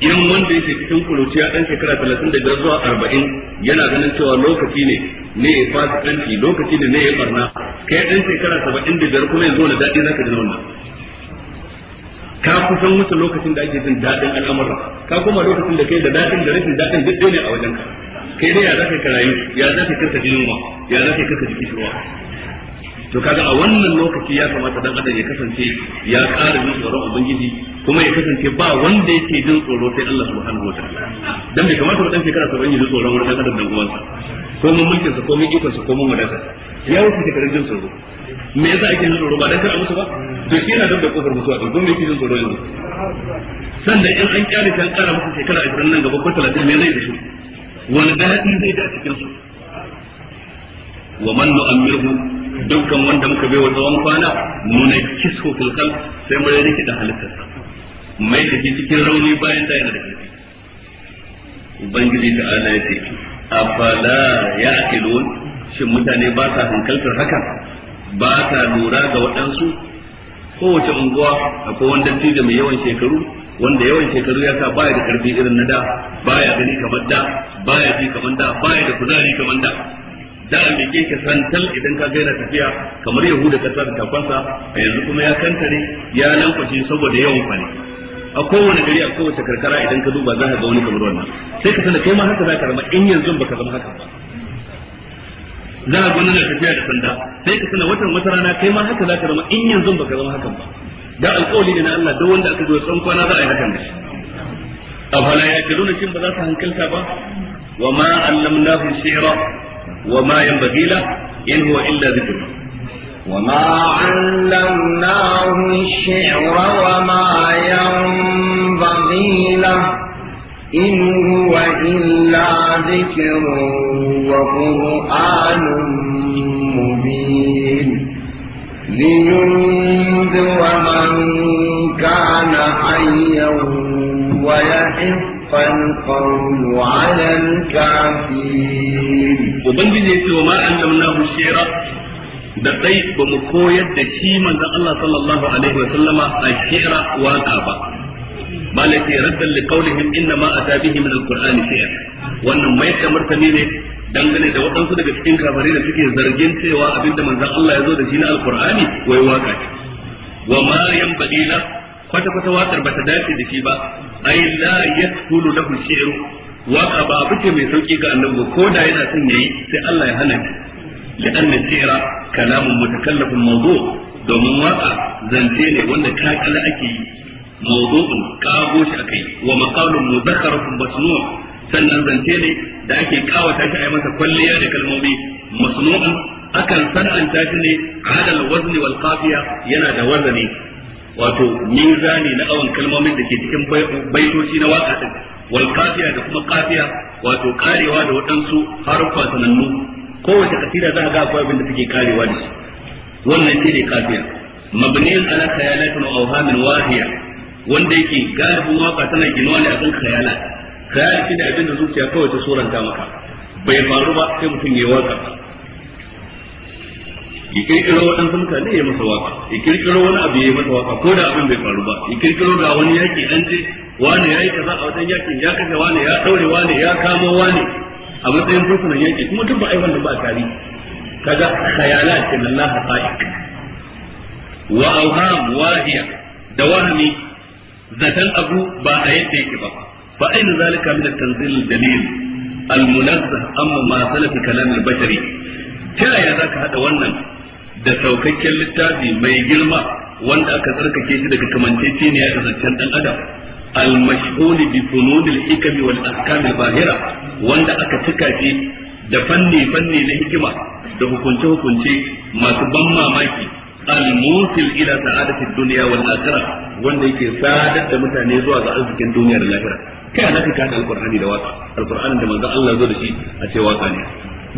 in wanda yake cikin kuruciya dan shekara talatin da biyar zuwa arba'in yana ganin cewa lokaci ne ne ya fasa kanci lokaci ne ne ya barna kai dan shekara saba'in da biyar kuma yanzu wani daɗi zaka ji na wannan ka kusan wuce lokacin da ake jin daɗin al'amura ka kuma lokacin da kai da daɗin da rashin daɗin duk ne a wajenka kai dai ya zaka ka rayu ya zaka ka karka ya zaka ka karka jiki shirwa to kaga a wannan lokaci ya kamata dan adam ya kasance ya ƙara jin tsoron ubangiji kuma ya kasance ba wanda yake jin tsoro sai Allah subhanahu wataala dan bai kamata ba dan shekara 70 ya ji tsoron dan adam dan uwansa ko mun mulkin sa ko mun ikon sa ko mun madaka ya wuce shekarun jin tsoro me yasa ake jin tsoro ba dan kada musu ba to shi yana da kofar mutuwa don me yake jin tsoro yanzu sannan in an kyale kan kara musu shekara 20 nan gaba ko 30 me zai da shi wani daɗi zai da cikin su wa man nu'ammirhu dukkan wanda muka bai wa tsawon kwana nuna kisu kulkan sai mu rike da halittar mai da shi cikin rauni bayan da yana da karfi ubangiji ta ala ya ce afala ya'qilun shin mutane ba sa hankaltar hakan ba sa lura ga waɗansu kowace unguwa akwai wanda da mai yawan shekaru wanda yawan shekaru ya sa baya da karfi irin na da baya gani kamar da baya ji kamar da baya da kuzari kamar da da a miƙe ka san tal idan ka gaira tafiya kamar yahuda ka tsara tafansa a yanzu kuma ya kantare, ya lankwashe saboda yawan kwane a kowane gari a kowace karkara idan ka duba za ka ga wani kamar wannan sai ka sanar kai ma haka za ka zama in yanzu baka zama haka ba za ka gwani na tafiya da sanda sai ka sanar watan wata rana kai ma haka za ka zama in yanzu baka zama haka ba da alƙawari ne na Allah duk wanda aka zo tsan kwana za a yi hakan da shi A afala ya kiruna shin ba za su hankalta ba wa ma allamnahu shi'ra وما ينبغي له إن هو إلا ذكر وما علمناه الشعر وما ينبغي له إن هو إلا ذكر وقرآن مبين لينذر من كان حيا ويحق القول على الكافرين ubangiji ya ce wa ma allamnahu shi'ra da ɗai ba mu koyar da shi manzon Allah sallallahu alaihi wa sallama a shera waka ba Ba malaka raddan li qawlihim inna ma ata bihi min alqur'ani shi'r wannan mai da martani ne dangane da waɗansu daga cikin kafirai da suke zargin cewa abinda manzon Allah ya zo da shi na alqur'ani wai waka ce wa ma yanbaghi la kwata kwata wakar bata dace da shi ba ai la yadkhulu lahu shi'ru waka ba abu ce mai sauki ga annabi ko da yana son yi sai Allah ya hana shi li'anna shi'ra kalamun mutakallafin mawdu domin waka zance ne wanda kakala ake yi mawdu'un kago shi akai wa maqalun mudakkarun masnu' sannan zance ne da ake kawata shi a masa kwalliya da kalmomi masnu'un akan san'anta shi ne adal wazni wal qafiya yana da wazani wato mizani na awon kalmomin da ke cikin baitoci na waka din wal kafiya da kuma kafiya wato karewa da waɗansu harfa sanannu kowace kasida za a ga akwai abin da take karewa da shi wannan shi ne kafiya mabniyin ala khayalatin wa awhamin wahiya wanda yake galibin waka tana ginuwa ne akan khayala khayal shi da abin da zuciya kawai ta suranta maka bai faru ba sai mutum ya waka ya kirkiro waɗansu mutane ya masa waka ya kirkiro wani abu ya masa waka ko da abin bai faru ba ya kirkiro ga wani yaki an je wani yi kaza a wajen yakin ya kashe wani ya daure wani ya kamo wani a matsayin fursunan yaki kuma duk ba a yi wannan ba tari. kaga khayalat min Allah haqaiq wa awham wahiya da wahmi zatan abu ba a yadda yake ba fa aina zalika min at-tanzil dalil al-munazzah amma ma salaf kalam al-bashari ta ya zaka hada wannan da saukakken littafi mai girma wanda aka tsarkake shi daga kamanceceniya da zancen dan adam al-mashhul bi funun al-hikam wal bahira wanda aka tuka da fanni fanni na hikima da hukunce hukunce masu ban mamaki al-musil ila sa'adati dunya wal akhirah sadar da mutane zuwa ga arzikin duniya da lahira kai da alqur'ani da da Allah zo da shi a ce waka ne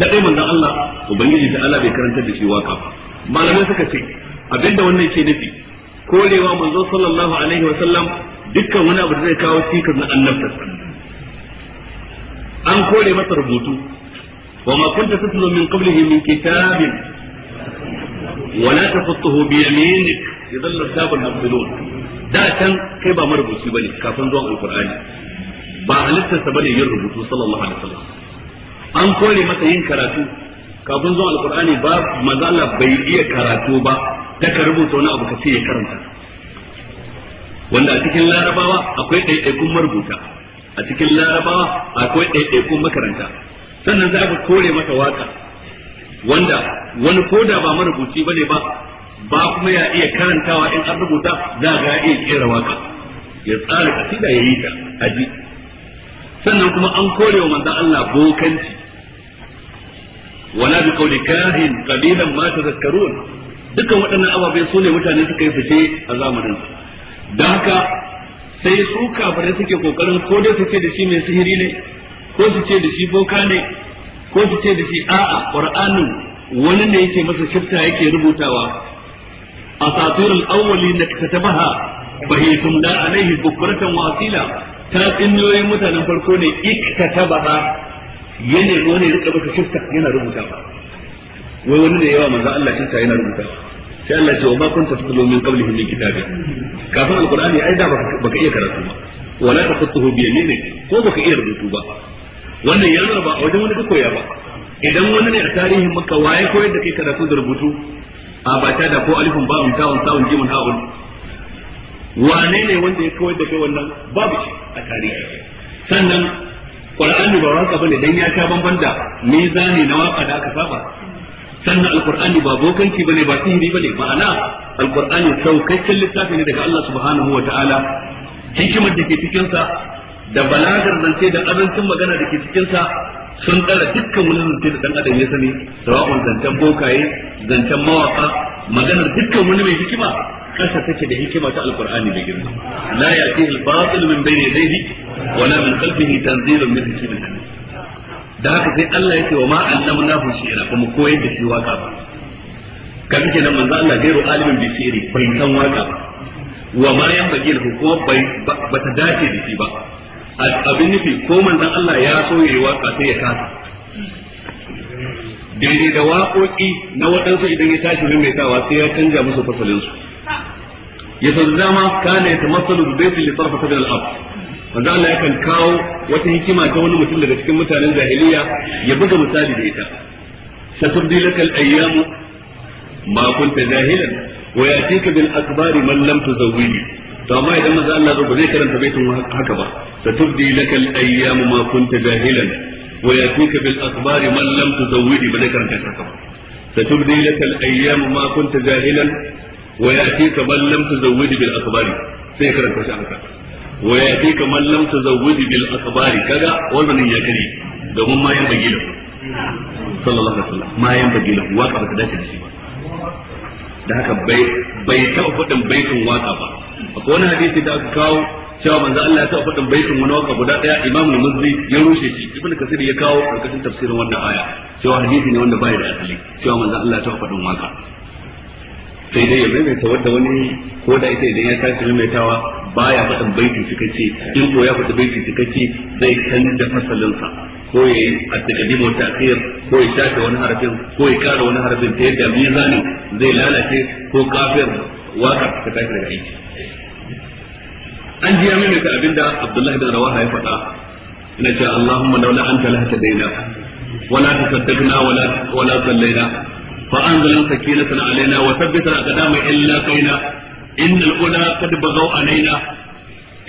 da dai manzon Allah ubangiji ta Allah bai karantar da shi waka malamai suka ce abinda wannan ke nufi korewa manzo sallallahu alaihi wa sallam dukkan wani abu da zai kawo cikas na annabta an kore masa rubutu wa ma kunta tatlu min qablihi min kitabin wa la tafutuhu bi yaminik yadalla sabul mabdulun da can kai ba marubuci bane kafin zuwan alqur'ani ba halittarsa bane yin rubutu sallallahu alaihi wasallam an kore masa yin karatu kafin zuwan alqur'ani ba manzo bai iya karatu ba da ka rubuta wani abu ka ce ya karanta wanda a cikin larabawa akwai ɗaiɗaikun marubuta a cikin larabawa akwai ɗaiɗaikun makaranta sannan za a kore masa waka wanda wani koda ba marubuci bane ba ba kuma ya iya karantawa in an rubuta za ga iya kera waka ya tsara kasida ya yi ta aji sannan kuma an kore wa manzon Allah bokanci wala bi qawli kahin qalilan ma tadhakkarun dukan waɗannan ababai su ne mutane suka yi fice a zamanin don haka sai su kafirai suke kokarin ko dai su ce da shi mai sihiri ne ko su ce da shi boka ne ko su ce da shi a'a qur'anin wani ne yake masa shirta yake rubutawa A asatirul awwalin da katabaha bahitum da alaihi bukratan Wasila asila ta tsinniyoyin mutanen farko ne ikkatabaha yana ne rika baka shifta yana rubutawa wai wani ne yawa manzo Allah shifta yana rubutawa sai Allah ce wa ma kunta tatlu min qablihi min kitabi kafin alqur'ani ai da baka iya karatu ba wala kutuhu bi yamini ko baka iya rubutu ba wannan ya ba a wajen wani ka koya ba idan wani ne a tarihin makka waye koyar da kai karatu da rubutu a ba ta da ko alifin ba mun tawun tawun jimin haul wane ne wanda ya koyar da kai wannan babu shi a tarihi sannan qur'ani ba waka bane dan ya ta bambanta mizani na waka da aka saba sannan alqur'ani ba bokanci bane ba sihiri bane ma'ana alqur'ani saukakken littafi ne daga Allah subhanahu wa ta'ala hikimar da ke cikin sa da balagar zance da abincin magana da ke cikin sa sun tsara dukkan wani zance da dan adam ya sani sawa'un zancen bokaye zancen mawaka maganar dukkan wani mai hikima kasa take da hikima ta alqur'ani da girma la ya'tihi al-batil min bayni yadayhi wa la min khalfihi tanzilun min hakimin da haka sai Allah yake wa ma na hu shi'ra kuma koyar da shi waka ba kan nan manzo Allah gairu alimin bi shi'ri bai san waka ba wa ma yan bagi lahu kuma bai ba ta dace da shi ba abin nufi ko manzo Allah ya so yi waka sai ya kasa daidai da waƙoƙi na waɗansu idan ya tashi mai tawa sai ya canja musu fasalinsu ya san dama kana ya tamassalu bi baiti li tarfa bil al-ard manzo Allah yakan kawo wata hikima ta wani mutum daga cikin mutanen jahiliya ya buga misali da ita satubdilaka al ayyamu ma kunta jahilan wa yatika bil akbari man lam tuzawwili to amma idan manzo Allah zo ba zai karanta baitin haka ba satubdilaka al ayyamu ma kunta jahilan wa yatika bil akbari man lam tuzawwili ba zai karanta haka ba satubdilaka al ayyamu ma kunta jahilan wa yatika man lam tuzawwili bil akbari sai karanta shi haka wa yatika man lam tazawwid bil akhbari kaga wannan ya kare domin ma yan bagila sallallahu alaihi wasallam ma yan bagila waka ba ta dace da shi ba da haka bai bai taba fadin baitin waka ba akwai wani hadisi da aka kawo cewa manzo Allah ya taɓa faɗin baitin wani waka guda ɗaya Imam Al-Muzzi ya rushe shi Ibn Kathir ya kawo karkashin tafsirin wannan aya cewa hadisi ne wanda bai da asali cewa manzo Allah ya taɓa faɗin waka sai dai ya maimaita wadda wani ko da ita idan ya tashi maimaitawa baya faɗin baiti cikakke in ko ya faɗi baiti cikakke zai canza fasalinsa ko ya yi at-taqdim wa ta'khir ko ya shafe wani harafin ko ya kara wani harafin ta yadda mizanin zai lalace ko kafir waka ta tashi daga aiki an ji ya maimaita abinda Abdullahi bin Rawaha ya faɗa ina cewa Allahumma laula anta lahtadaina wala tasaddaqna wala wala sallaina fa anzalna sakinatan alaina wa thabbata aqdama illa kaina innal ula qad bagaw alaina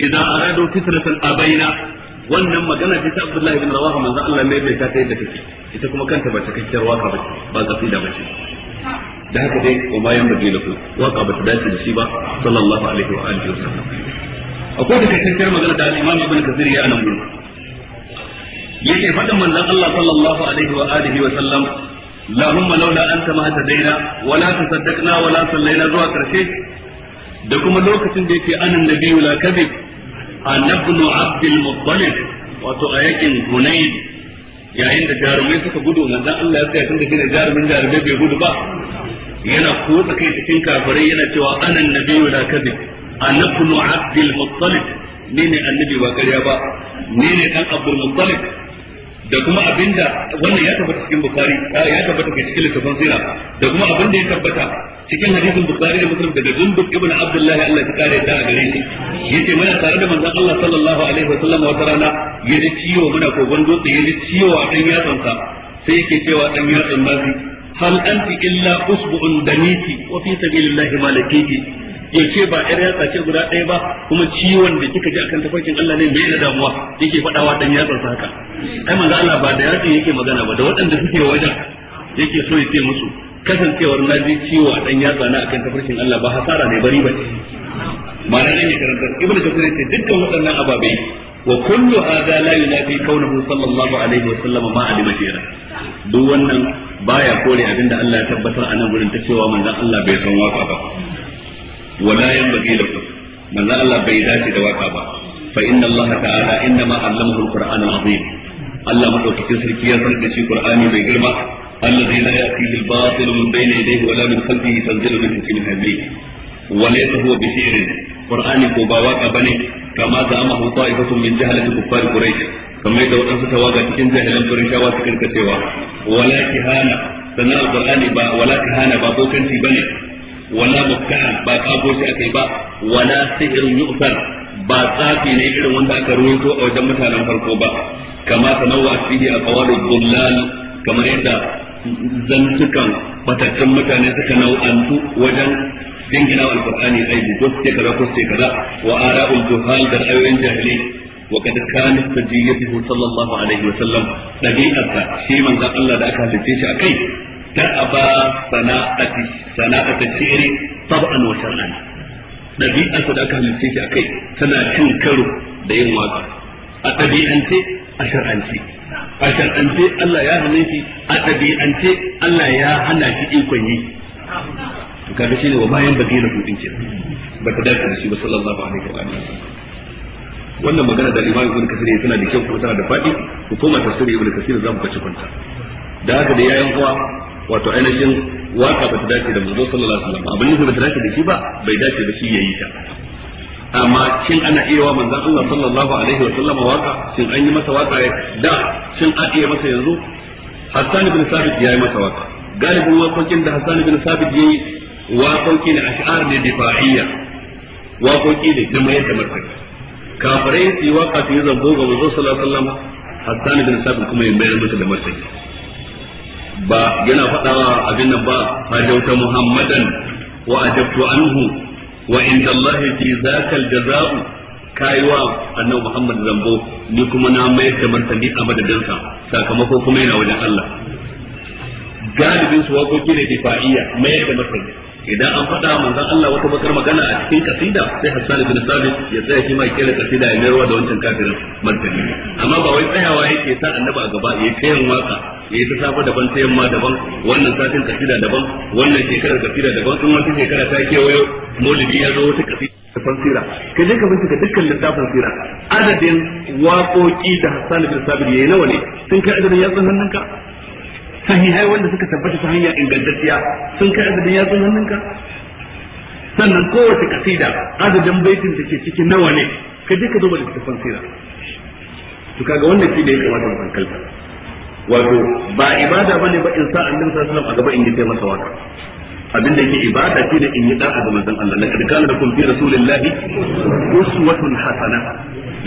idan aradu fitnatan abaina wannan magana ce ta Abdullahi ibn Rawaha manzo Allah ne bai ta kai da take ita kuma kanta ba cikakkiyar waka ba ba kafida ba ce da haka dai kuma bayan bagi da ku waka ba ta dace da shi ba sallallahu alaihi wa alihi wasallam akwai da cikakkiyar magana da Imam Ibn Kathir ya nan gurin yake faɗin manzon Allah sallallahu alaihi wa alihi wa sallam اللهم لولا أنت ما هتدينا ولا تصدقنا ولا صلينا زوا كرشي da kuma lokacin da yake anan nabiyyu la kadhib annabnu abdul muttalib wato a yakin hunayn yayin da jarumai suka gudu manzon Allah ya tsaya tunda kina jarumin jarumai bai gudu ba yana kotsa kai cikin kafirai yana cewa anan nabiyyu la kadhib annabnu abdul muttalib ni ne annabi ba ƙarya ba ni ne dan abdul muttalib da kuma abinda wannan ya tabbata cikin bukari ya tabbata ga cikin littafin sirra da kuma abinda ya tabbata cikin hadisin bukari da muslim daga jundub ibn abdullahi Allah ya kare da gare shi yace muna tare da manzon Allah sallallahu alaihi wasallam wata rana ya ji ciwo muna kogon dutse ya ji ciwo a dan yatsan sa sai yake cewa dan yatsan ma hal anti illa usbu'un damiki wa fi sabilillahi malakiki ya ce ba ɗan yatsa ce guda ɗaya ba kuma ciwon da kika ji akan tafarkin Allah ne mai na damuwa yake faɗawa dan yatsa haka ai manzo Allah ba da yatsa yake magana ba da waɗanda suke wajen yake so ya ce musu kasancewar na ji ciwo a dan yatsa na akan tafarkin Allah ba hasara ne bari ba ma'ana ne karanta ibn kasir ce dukkan waɗannan ababai wa kullu hadha la yunafi kaunahu sallallahu alaihi wa sallam ma alimatira duk wannan baya kore abinda Allah ya tabbatar a nan gurin ta cewa manzo Allah bai san waka ba ولا ينبغي لكم من لا الله بيدات دواك أبا فإن الله تعالى إنما علمه القرآن العظيم الله مدعوك تسر كي يفرد شيء قرآني بيقرمه الذي لا يأتيه الباطل من بين يديه ولا من خلفه تنزل من حكيم حميد وليس هو بشعر قرآني كوباواك بني كما زعمه طائفة من جهلة كفار قريش kamar da waɗansu tawaga cikin jahilan Qurayshawa suka rika cewa wala kihana sanar alqur'ani ba wala kihana ba bokanci bane wala muktahan ba kago shi akai ba wala sihrun ba tsafi ne irin wanda aka ruwaito a wajen mutanen farko ba kama tanawwa fihi aqwalu kamar yadda zantukan batattun mutane suka nau'antu wajen dingina wa alqur'ani aibu ko sai kaza ko sai kaza wa ara'ul juhal da ra'ayoyin jahili وقد كانت سجيته صلى الله عليه وسلم دقيقة شيء من Allah da aka هذا الشيء أكيد da'aba صناعة صناعة shi'ri طبعا وشرعا نبي dabi'a da aka halitta shi akai tana cin karo da yin أشر a أشر a الله a shar'ance Allah ya hane shi a dabi'ance Allah ya hana shi ikon shine wa bayan bagila kudin kenan da shi ba sallallahu alaihi wannan magana da Imam Ibn Kathir tana da kyau kuma tana da faɗi ku koma tafsirin Ibn Kathir za mu kwanta da haka da yayin kuwa wato ainihin waka ba ta dace da manzo sallallahu alaihi wasallam abin da ba ta dace da shi ba bai dace da shi yayi ta amma shin ana iya wa manzon Allah sallallahu alaihi wasallam waka shin an yi masa waka da shin a iya masa yanzu Hassan ibn Sabit ya yi masa waka galibin wakokin da Hassan ibn Sabit yayi wakoki ne ash'ar ne difa'iyya wakoki ne da mai da martaba kafirai su yi waka su yi zango ga manzo sallallahu alaihi wasallam Hassan ibn Sabit kuma ya mayar masa da martaba ba yana faɗawa abin nan ba hajauta muhammadan wa ajabtu anhu wa inda Allah fi zakal jaza'u kaiwa annabi muhammad zambo ni kuma na mai da martani a madadinsa sakamako kuma yana wajen Allah galibin su waƙoƙi ne difa'iyya mai da martani idan an faɗa manzon Allah wata bakar magana a cikin kasida sai Hassan bin Sabit ya tsaya shi mai kira kasida ya mayarwa da wancan kafirin martani amma ba wai tsayawa yake sa annabi a gaba ya kayan waka yayi ta safa daban ta yamma daban wannan satin kafida daban wannan shekarar kafida daban sun wata shekara ta kewayo maulidi ya zo wata kasida littafin sira kai dai ka bincika dukkan littafin sira adadin waƙoƙi da Hassan bin Sabir yayi nawa ne sun kai adadin yatsun hannunka sahihai wanda suka tabbata ta hanya ingantacciya sun kai adadin yatsun hannunka sannan kowace kasida adadin baitin da ke cikin nawa ne ka je ka duba littafin sira to kaga wannan shi da ya kamata mu hankalta wato ba ibada bane ba in sa annabi sallallahu alaihi wasallam a gaba in yi masa waka abin da yake ibada ce da in yi da'a ga manzon Allah laqad kana lakum fi rasulillahi uswatun hasana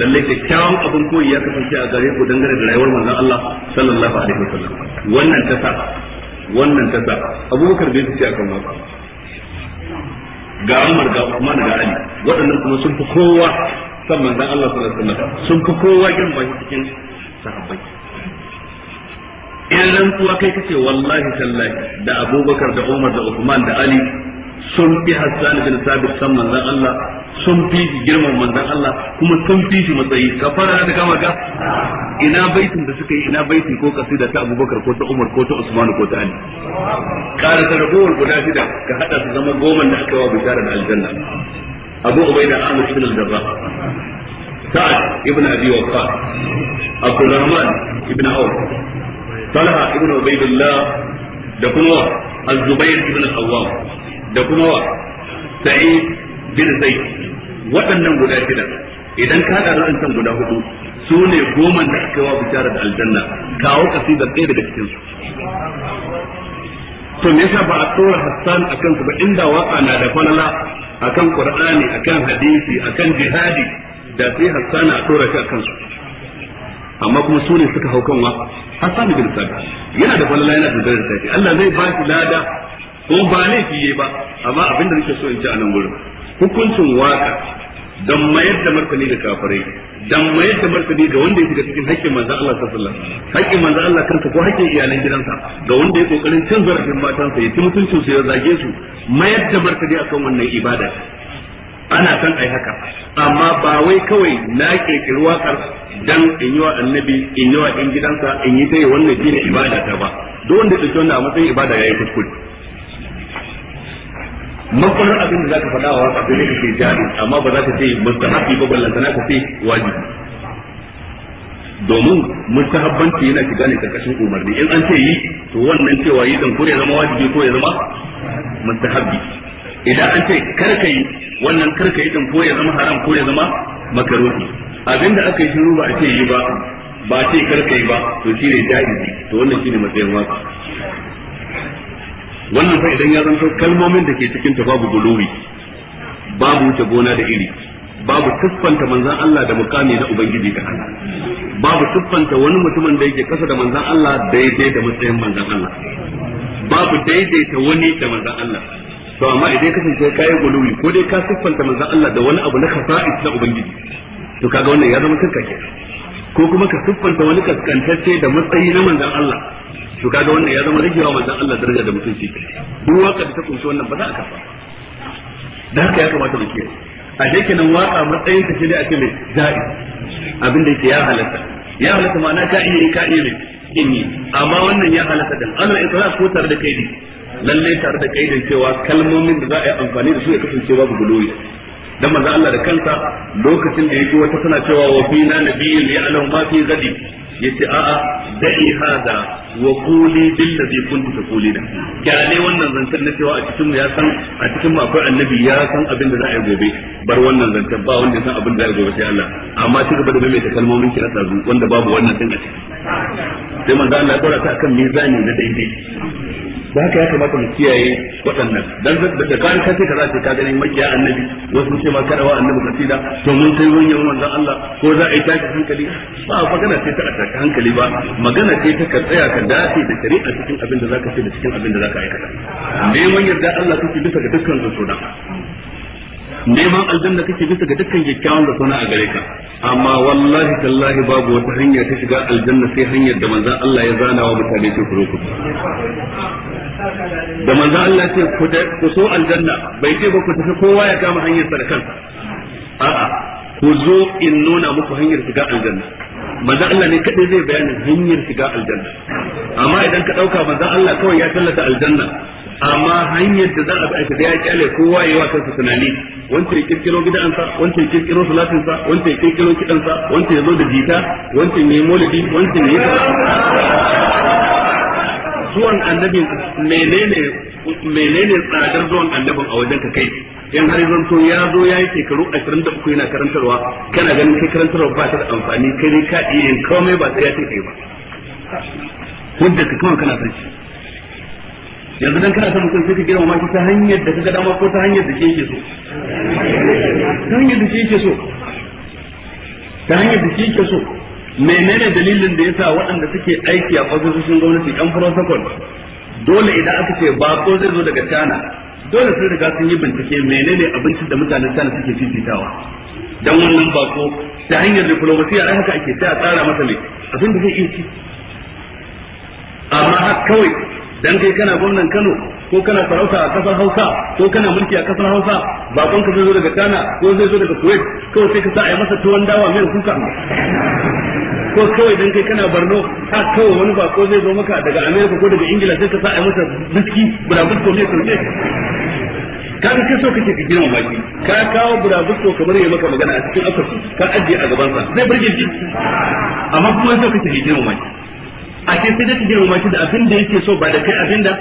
lalle kyakkyawan abin koyi ya kasance a gare ku dangane da rayuwar manzon Allah sallallahu alaihi wasallam wannan ta sa wannan ta sa Abubakar bai ci akan waka ga Umar ga Uthman ga Ali waɗannan kuma sun fi kowa san manzon Allah sallallahu alaihi wasallam sun fi kowa girma cikin sahabbai in rantsuwa kai kace wallahi tallahi da Abubakar da Umar da Usman da Ali sun fi Hassan bin Sabit san manzon Allah sun fi girman manzon Allah kuma sun fi shi matsayi ka fara da kama ga ina baitin da suka yi ina baiti ko kasida ta Abubakar ko ta Umar ko ta Usman ko ta Ali kare ta ragowar guda shida ka hada su zama goma da aka wa bishara da aljanna Abu Ubaida Amr ibn al-Jarrah Sa'ad ibn Abi Waqqas Abdurrahman ibn Auf talha ibn ubaidillah da kuma wa az-zubair ibn al-awwam da sa'id waɗannan guda shida idan ka da ra'ayin guda hudu su ne goma da aka wa bishara da aljanna kawo kasidar ɗaya daga cikin su to me yasa ba a tsora hassan akan su ba inda waka na da falala akan qur'ani akan hadisi akan jihadi da sai hassan a tsora shi akan su amma kuma su ne suka hau kan wasa hasan bin sabi yana da falala yana da darajar tafi Allah zai ba shi lada ko ba laifi yayi ba amma abin da nake so in ji a nan gurin hukuncin waka dan mayar da martani ga kafirai dan mayar da martani ga wanda ya shiga cikin haƙƙin manzo Allah sallallahu alaihi wasallam haƙƙin manzo Allah kansa ko haƙƙin iyalan gidansa ga wanda ya kokarin cin zarafin matansa ya ci mutuncin su ya zage su mayar da martani akan wannan ibada ana son ai haka amma ba wai kawai na kirkiri wakar dan in yi wa annabi in yi wa ɗan gidansa in yi sai wannan shine ibada ta ba duk wanda ya wannan a matsayin ibada yayi kuskure Makwarar abin da zaka faɗa wa waka sai kake jari amma ba za ka ce mustahabi ba ballanta na ka ce wajibi domin mustahabbanci yana shiga ne karkashin umarni in an ce yi to wannan cewa yi dan kure zama wajibi ko ya zama mustahabbi idan an ce karka yi wannan karka yi din ko ya zama haram ko ya zama makaruhi abinda aka yi shiru ba a ce yi ba ba a ce karka yi ba to shine jaizi to wannan shine matsayin waka wannan fa idan ya zanto kalmomin da ke cikin ta babu gulubi babu wuce gona da iri babu tuffanta manzan Allah da mukami na ubangiji da Allah babu tuffanta wani mutumin da yake kasa da manzan Allah daidai da matsayin manzan Allah babu daidaita wani da manzan Allah to amma idan kasance kayan gulubi ko dai ka siffanta manzon Allah da wani abu na kafa'is na ubangiji to kaga wannan ya zama kanka ke ko kuma ka siffanta wani kaskantacce da matsayi na manzon Allah to kaga wannan ya zama ragewa manzon Allah daraja da mutunci duk waka da ta kunshi wannan ba za a kafa da haka ya kamata mu kiyaye a dai kenan waka matsayin ta ce da ake mai jaiz abin da yake ya halatta ya halatta ma'ana ka iya ka iya mai amma wannan ya halatta dan Allah in ko tare da kai ne lallai tare da kaidan cewa kalmomin da za a yi amfani da su ya kasance babu guloyi dan manzo Allah da kansa lokacin da yake wata tana cewa wa fi na mai ya'lamu ma fi gadi yace a'a da'i hada wa quli bil ladhi kunti taqulina kyale wannan zancen na cewa a cikin ya san a cikin akwai annabi ya san abin da za a yi gobe bar wannan zancen ba wanda ya san abin da za a yi gobe sai Allah amma ci gaba da mai ta kalmomin ki rasa zu wanda babu wannan din a ciki sai manzo Allah ya dora ta akan mizani na daidai da haka ya kamata mu kiyaye waɗannan dan da kan ka ce kaza ce ka ganin makiya annabi wasu ce ma kada wa annabi kasida to mun kai wani yawan manzon Allah ko za a yi tashi hankali ba magana ce ta a hankali ba magana ce ta ka tsaya ka dace da shari'a cikin abin da zaka ce da cikin abin da zaka aikata neman yarda Allah kake bisa ga dukkan zuciya neman aljanna kake bisa ga dukkan kyakkyawan da sona a gare ka amma wallahi tallahi babu wata hanya ta shiga aljanna sai hanyar da manzon Allah ya zana wa mutane ce ku ku da manzon Allah ce ku so aljanna bai ce ba ku tafi kowa ya kama hanyar sa da kansa a'a ku zo in nuna muku hanyar shiga aljanna manzon Allah ne kadai zai bayanin hanyar shiga aljanna amma idan ka dauka manzon Allah kawai ya tallata aljanna amma hanyar da za a bi aka da ya kyale kowa yayi wa kansa tunani wanda ya kirkiro bid'ansa wanda ya kirkiro salatinsa wanda ya kirkiro kidansa wanda ya zo da jita wanda ya yi maulidi wanda ya yi zuwan annabi menene menene tsadar zuwan annabin a wajen ka kai in har to ya zo ya yi shekaru ashirin da uku yana karantarwa kana ganin kai karantarwa ba ta da amfani kai dai ka iya yin komai ba sai ya ce kai ba wanda ka kuma kana sarki yanzu dan kana son mutum sai ka girma ta hanyar da kaga dama ko ta hanyar da kike so ta hanyar da kike so ta hanyar da kike so menene dalilin da yasa waɗanda suke aiki a ofisoshin gwamnati yan furosakon dole idan aka ce ba ko zai zo daga China dole sun riga sun yi bincike menene abincin da mutanen sana suke fifitawa dan wannan bako ta hanyar diplomasiya a haka ake ta a tsara masa mai abin da zai iya ci amma haka kawai dan kai kana gwamnan Kano ko kana farauta a kasar Hausa ko kana mulki a kasar Hausa bakon ka zai zo daga Ghana ko zai zo daga Kuwait kawai sai ka sa a yi masa tuwon dawa mai kuka ko kawai dan kai kana Borno ha kawai wani bako zai zo maka daga America ko daga Ingila sai ka sa a yi masa biski guda ko mai kurbe ka ga kaso kake ka girma ka kawo burabusko kamar yayi maka magana a cikin asafi ka ajiye a gaban sa zai burge shi amma kuma so kake ka girma baki a ke sai da ka girma da abin da yake so ba da kai abin da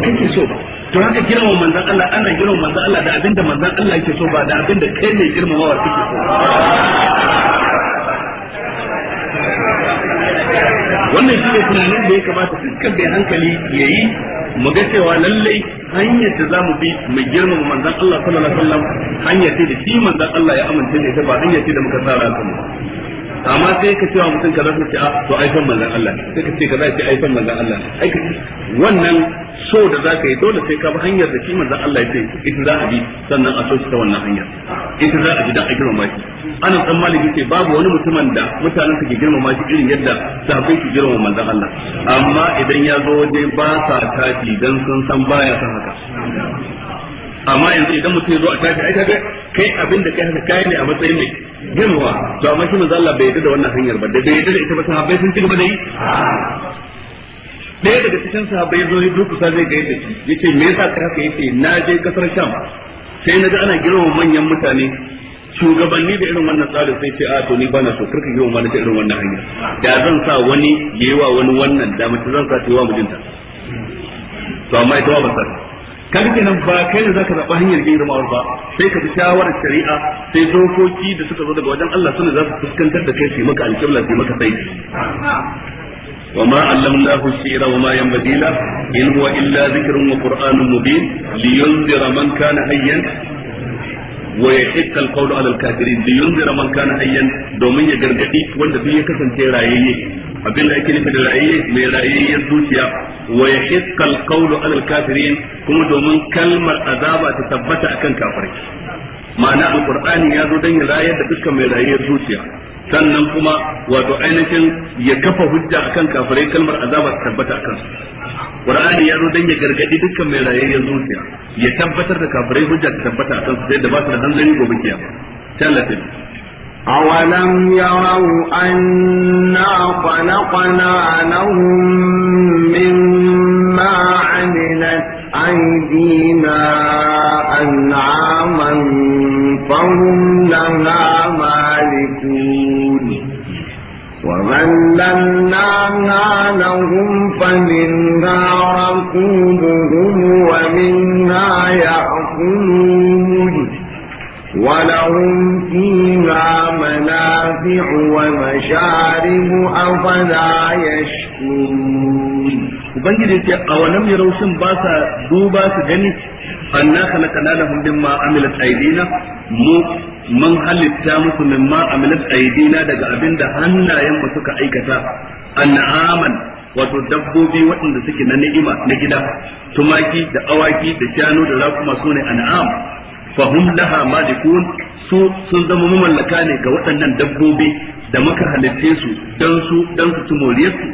kake so ba to haka girma manzon Allah ana girma manzon Allah da abin da manzon Allah yake so ba da abin da kai mai girmamawa kake so wannan shi ne tunanin da ya kamata dukkan bai hankali ya yi mu ga cewa lallai hanyar da za mu bi mu girma manzan Allah sallallahu alaihi wasallam hanyar da shi manzan Allah ya amince da ita ba hanyar ce da muka tsara ta amma sai ka cewa mutum ka zafi ce a to ai san Allah sai ka ce ah, ka zafi ai san Allah Aiki wannan so da ka yi dole sai ka bi hanyar da shi manzon Allah ya ce ita za a bi sannan a so ta wannan hanyar ita za a bi dan a girmama shi ana dan maliki ce babu wani mutumin da mutanen su ke girmama shi irin yadda sahabbai su girmama manzon Allah amma idan ya zo waje ba sa tafi dan sun san baya san haka amma yanzu idan mutum ya zo a tashi ai kaga kai abin da kai haka kai ne a matsayin mai girma to amma shi manzo Allah bai yarda da wannan hanyar ba da bai yarda da ita ba sahabbai sun ci gaba da yi ɗaya daga cikin sahabbai ya zo ya durkusa zai ga yadda ya ce me yasa ka haka ya ce na je kasar sham sai na ga ana girmama manyan mutane shugabanni da irin wannan tsarin sai ce a to ni bana so karka yiwa mana irin wannan hanya da zan sa wani yayi wa wani wannan da mutum zan sa ta yi wa mijinta to amma ita ba sa kaga kenan ba kai ne zaka zaba hanyar girmawar ba sai ka bi shawarar shari'a sai dokoki da suka zo daga wajen Allah sune za su fuskantar da kai su maka alƙibla su maka sai وما علمناه الشعر وما ينبغي له إن هو إلا ذكر وقرآن مبين لينذر من كان حيا ويحق القول على الكافرين لينذر من كان حيا دومين يغرغدي وند بي يكسنتي رايي abin da ake nufi da ra'ayi mai ra'ayiyyar zuciya wa ya hiskal qawlu alal kafirin kuma domin kalmar azaba ta tabbata akan kafirai ma'ana alqur'ani ya zo dan ya rayar da dukkan mai ra'ayiyyar zuciya sannan kuma wato ainihin ya kafa hujja akan kafirai kalmar azaba ta tabbata akan su Qur'ani ya zo dan ya gargadi dukkan mai rayayyar zuciya ya tabbatar da kafirai hujja ta tabbata akan su sai da ba su da hanzari gobe kiyama tallafi أولم يروا أنا خلقنا لهم مما عملت أيدينا أنعاما فهم لها مالكون وذللناها لهم فمنها ركوبهم ومنها يأكلون ولهم فيها منافع ومشارب أفلا يشكرون Ubangiji ce a wannan mai raushin ba sa duba su gani anna khalaqna lahum mimma amilat aydina mu man halitta musu mimma amilat aydina daga abinda hannayen mu suka aikata an'aman wato dabbobi waɗanda suke na ni'ima na gida tumaki da awaki da shanu da rakuma su ne an'am fa hum laha malikun su sun zama mamallaka ne ga waɗannan dabbobi da muka halitte su dan su dan su ci su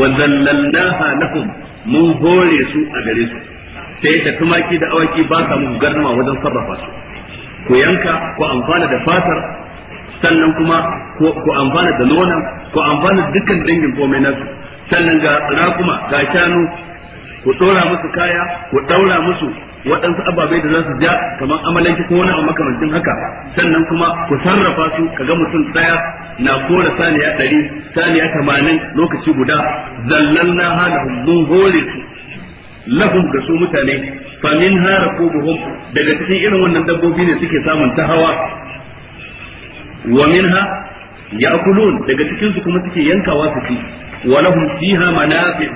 wa zallalnaha lakum mun hore su a gare su sai da tumaki da awaki ba sa muku garnama wajen sarrafa su ku yanka ku amfana da fatar sannan kuma ku amfana da nona ku amfana dukkan dangin komai nasu sannan ga rakuma ga shanu ku ɗora musu kaya ku ɗaura musu waɗansu ababai da za su ja kamar amalanki ko wani abu makamancin haka sannan kuma ku sarrafa su kaga mutum ɗaya na kora saniya ɗari saniya tamanin lokaci guda zallan na hana mun hore su lahum ga su mutane famin hara kubuhum daga cikin irin wannan dabbobi ne suke samun ta hawa wa minha ya'kulun daga cikin su kuma suke yankawa su ci wa lahum fiha manafi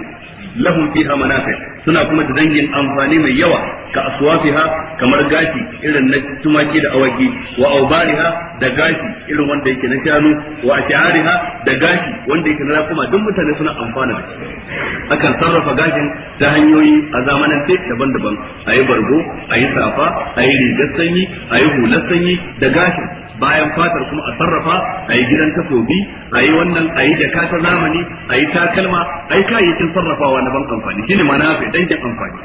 lahum fiha manafi suna kuma da dangin amfani mai yawa ka aswafiha kamar gashi irin na tumaki da awaki wa aubariha da gashi irin wanda yake na shanu wa ashariha da gashi wanda yake na rakuma duk mutane suna amfana da akan sarrafa gashin ta hanyoyi a zamanin sai daban-daban ayi bargo ayi safa yi rigar sanyi ayi hular sanyi da gashin bayan fatar kuma a sarrafa a yi gidan takobi a yi wannan a yi jaka ta zamani a yi takalma a yi kayayyakin sarrafawa na ban amfani shine ma na dangin amfani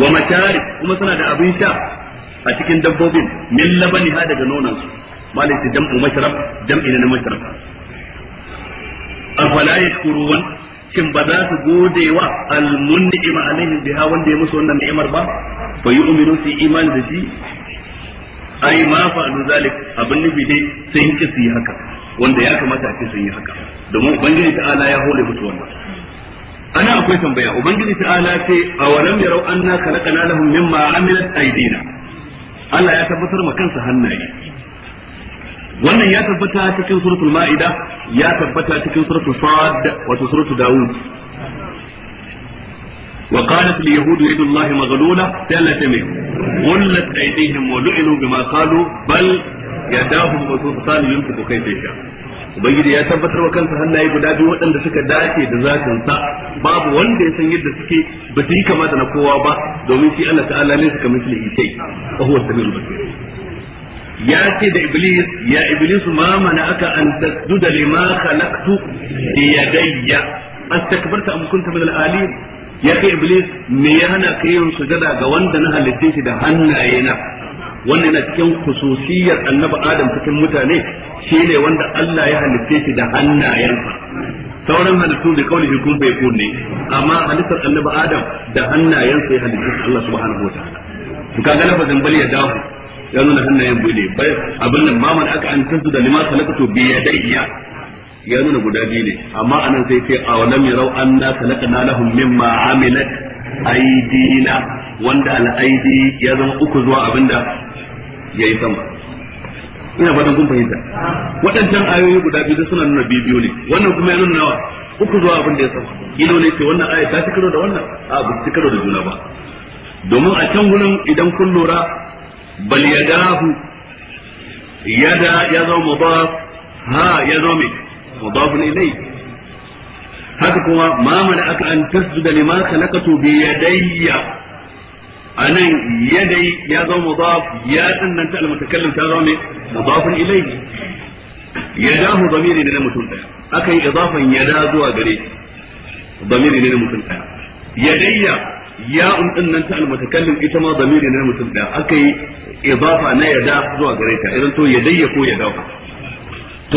wa matari kuma suna da abin sha a cikin dabbobin min labani ha daga nonan su malai su jam'u mashrab jam'i na mashrab afala yashkurun shin ba za su gode wa almun'ima alaihim biha wanda ya musu wannan ni'imar ba fa yu'minu su iman da shi ai ma fa'alu zalik abin nufi dai sai ki su yi haka wanda ya kamata a kisi haka domin ubangiji ta'ala ya hore mutuwa wannan ana akwai tambaya ubangiji ta'ala ce awalam yarau anna khalaqna lahum mimma amilat aydina Allah ya tabbatar ma kansa hannaye wannan ya tabbata cikin suratul ma'ida ya tabbata cikin suratul sad wato suratul daud وقالت اليهود يد الله مغلولة ثلاث من غلت أيديهم ولعنوا بما قالوا بل يداهم مبسوطتان ينفق كيف يشاء ubangiji ya tabbatar wa kansa hannaye guda biyu waɗanda suka dace da zakin sa babu wanda ya san yadda suke ba su yi kama da na kowa ba domin shi Allah ta'ala ne suka misli isai fa huwa basir ya ce da iblis ya iblis ma mana aka an tasjuda lima khalaqtu bi yadayya astakbarta am kunta min al alim ya ce iblis me ya hana ka sujada ga wanda na halitta shi da hannaye na? wannan yana cikin khususiyar annabi adam cikin mutane shine wanda Allah ya halitta shi da hannayensa sauran halittu da kawai kun bai kun ne amma halittar annabi adam da hannayensa ya halitta Allah subhanahu wataala to na lafazin bal ya dawo ya nuna hannayen bude bai abin nan maman aka an tantu da lima salakatu bi yadayya ya nuna guda biyu ne amma anan sai sai awalam yarau anna salakana lahum mimma amilat aidina wanda al'aidi ya zama uku zuwa abinda yi sama ina fatan kun fahimta waɗancan ayoyi guda biyu da suna nuna biyu ne wannan kuma ya nuna nawa uku zuwa abin da ya sama kilo ne ce wannan aya ta ci karo da wannan a ba ci karo da juna ba domin a can gurin idan kun lura bal yadahu yada ya zo mudaf ha ya zo zama mudaf ne haka kuma ma mana aka an tasjuda lima khalaqatu bi yadayya anan yadai ya zo mudaf ya dinnan ta almutakallim ta zo ne mudafun ilayhi yadahu zamiri ne na mutum daya akan idafan yada zuwa gare zamiri ne na mutum daya yadayya ya dinnan ta almutakallim ita ma zamiri ne na mutum daya akai idafa na yada zuwa gare ta idan to yadayya ko yadahu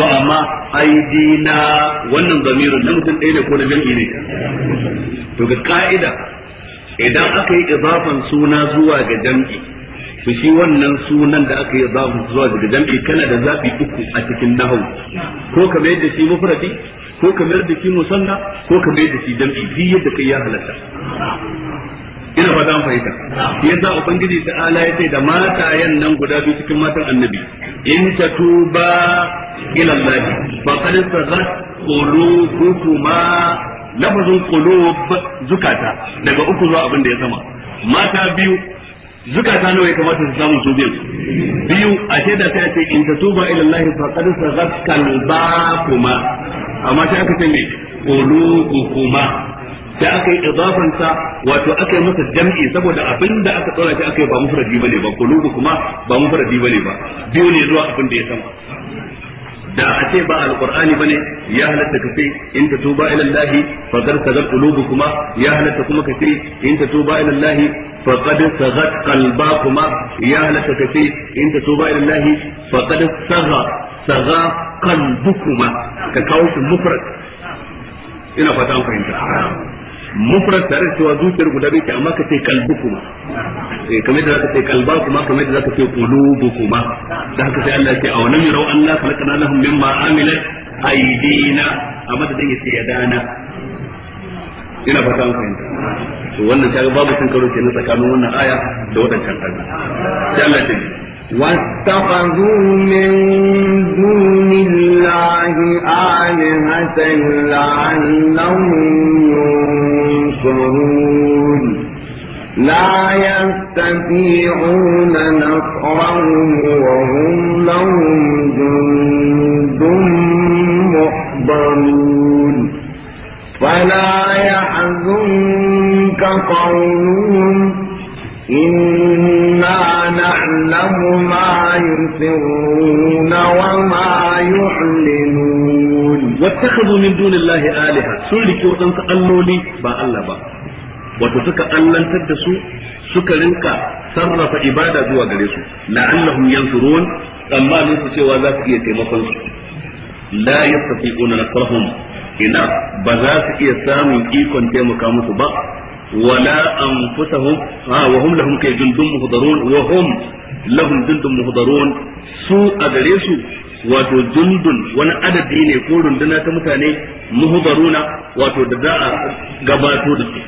to amma aidina wannan zamirin na mutum ɗaya ne ko na jam'i ne to ga ka'ida idan aka yi izafan suna zuwa ga jam'i to shi wannan sunan da aka yi izafan zuwa ga jam'i kana da zafi uku a cikin nahwu ko kamar yadda shi mufradi ko kamar yadda da shi musanna ko kamar yadda shi jam'i bi yadda kai ya halatta ina ba dan fahimta yasa ubangiji ta ala ya ce da matayen nan guda biyu cikin matan annabi in ta tuba ila Allah fa qad sagat qulubukuma lafazin kulub zukata daga uku zuwa abin da ya sama mata biyu zukata nawa ya kamata su samu su biyu biyu a shaida sai ce in tatuba ila Allah faqad ba kuma. amma sai aka ce me kuma da aka yi idafansa wato aka yi masa jam'i saboda abin da aka tsora shi aka yi ba mufradi bane ba kulubu kuma ba mufradi bane ba biyu ne zuwa abin da ya sama da a ce ba alqur'ani bane ya halatta kace in ta tuba ila Allah fa qad sagat qulubukuma ya halatta kuma kace in ta tuba ila Allah fa qad sagat qalbakuma ya halatta kace in ta tuba ila Allah fa qad saga saga qalbukuma ka kawo mufrad ina fata an fahimta mufrad tare da cewa zuciyar guda biyu ke amma ka ce kalbu kuma eh kamar da zaka ce kalba kuma kamar da zaka ce qulubu kuma da haka sai Allah ya ce awalam yarau anna kana lahum mimma amilat aydina amma da dan yace yadana ina fata an fahimta to wannan kaga babu sun karo na tsakanin wannan aya da wadancan aya sai Allah ya ce واتخذوا من دون الله آلهة لعلهم ينصرون لا يستطيعون نصرهم وهم لهم جند محضرون فلا يحزنك قولهم إنا نعلم ما يسرون وما يحزنون wattakhadhu min dunillahi alaha sun rike wadansu alloli ba Allah ba wato suka allantar da su suka rinka sarrafa ibada zuwa gare su la'allahum yansurun amma ne cewa za su iya taimakon su la yastati'una ina ba za su iya samun ikon taimaka musu ba ولا أنفسهم آه وهم لهم كجند مهضرون وهم لهم جند مهضرون سوء أدريسوا wato jundun wani adadi ne ko runduna ta mutane muhbaruna wato da za a gabato da su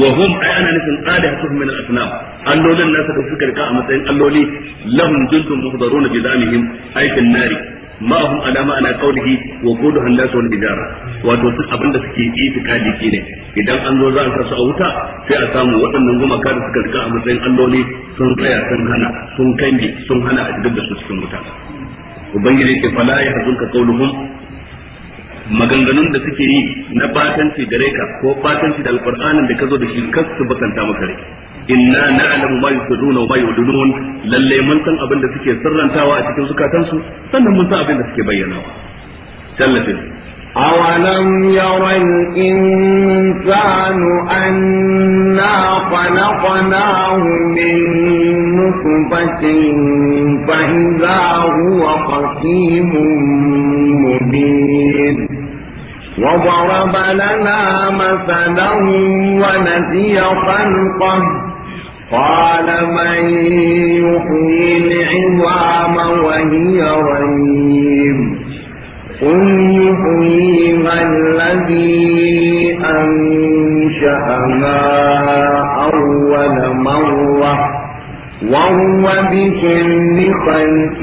wa hum ay ana nufin alihatuhum min al-asnam allolin nasu da suka rika a matsayin alloli lahum jundun muhbaruna bi zamihim aikin nari ma'ahum alama ana qawlihi wa quduhu an-nas wal hijara wato duk abin da suke itikadi kine idan an zo za a sasu a wuta sai a samu waɗannan gumaka da suka rika a matsayin alloli sun tsaya sun hana sun kange sun hana a duk da su cikin wuta ubangiji ke fala ya hazunka qauluhum maganganun da suke yi na batanci gare ka ko batanci da alqur'anin da ka zo da shi kas su bakanta maka rai inna na'lamu ma yusirruna wa ma yu'linun lalle mun san abin da suke sirrantawa a cikin zukatansu sannan mun san abin da suke bayyanawa tallafi أولم ير الإنسان أنا خلقناه من نطفة فإذا هو خصيم مبين وضرب لنا مثلا ونسي خلقه قال من يحيي العظام وهي رميم قل يحييها الذي أنشأها أول مرة وهو بكل خلق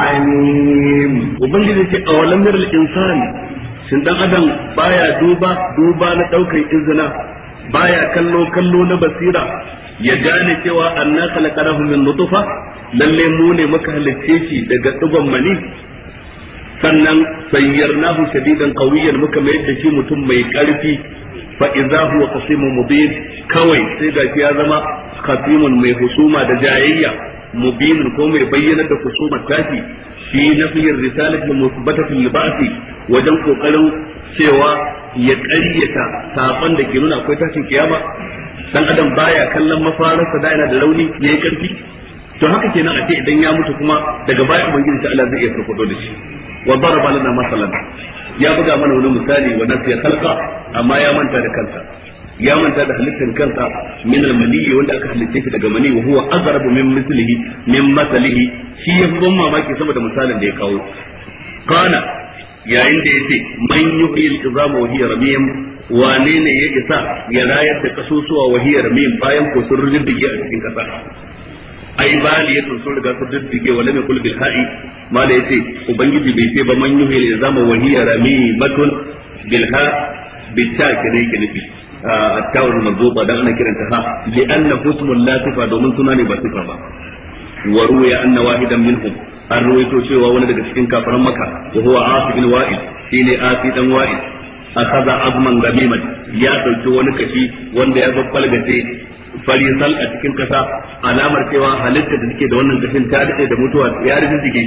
عليم وبنجد في أولم ير الإنسان shin dan adam baya duba duba na ɗaukar izina baya kallo kallo na basira ya gane cewa anna khalaqnahu min nutfa lalle mu ne muka halarce shi daga dugon mani sannan sayyarnahu shadidan qawiyyan muka mai da shi mutum mai karfi fa idza huwa qasimun mubin kawai sai da ya zama qasimun mai husuma da jayayya mubin ko mai bayyana da husuma tafi fi nafiyar risalati musbatatin libasi wajen kokarin cewa ya ƙaryata saban da ke nuna akwai tashin kiyama dan adam baya kallon mafararsa da yana da rauni yayi karfi to haka kenan a ce idan ya mutu kuma daga baya ubangiji ta Allah zai iya farfado da shi wa daraba lana masalan ya buga mana wani misali wa nasiya khalqa amma ya manta da kansa ya manta da halittar kansa min al-mali wanda aka halitta shi daga mani wa huwa azrabu min mislihi min masalihi shi ya fi mamaki saboda misalin da ya kawo kana yayin da yace man yuhyil izama wa hiya ramim wane ne ya isa ya rayar da kasusuwa wa hiya ramim bayan ko sun rubuje a cikin kasa ai baliyatun sun riga sun diddige wa lam yakul bil ha'i mala yace ubangiji bai ce ba man yuhi ne zama wahiya ramimatun bil ha bil ta kire ke nufi at-tawr marzuba dan ana kiranta ha li anna husmul latifa domin suna ne ba sifa ba wa ruya anna wahidan minhum an ruwaito cewa wani daga cikin kafaran maka wa huwa asif bin wa'il ne asif dan wa'il akaza azman gamimat ya dauki wani kashi wanda ya zo falgace farisal a cikin kasa alamar cewa halitta da take da wannan kashin ta dade da mutuwa ya rijige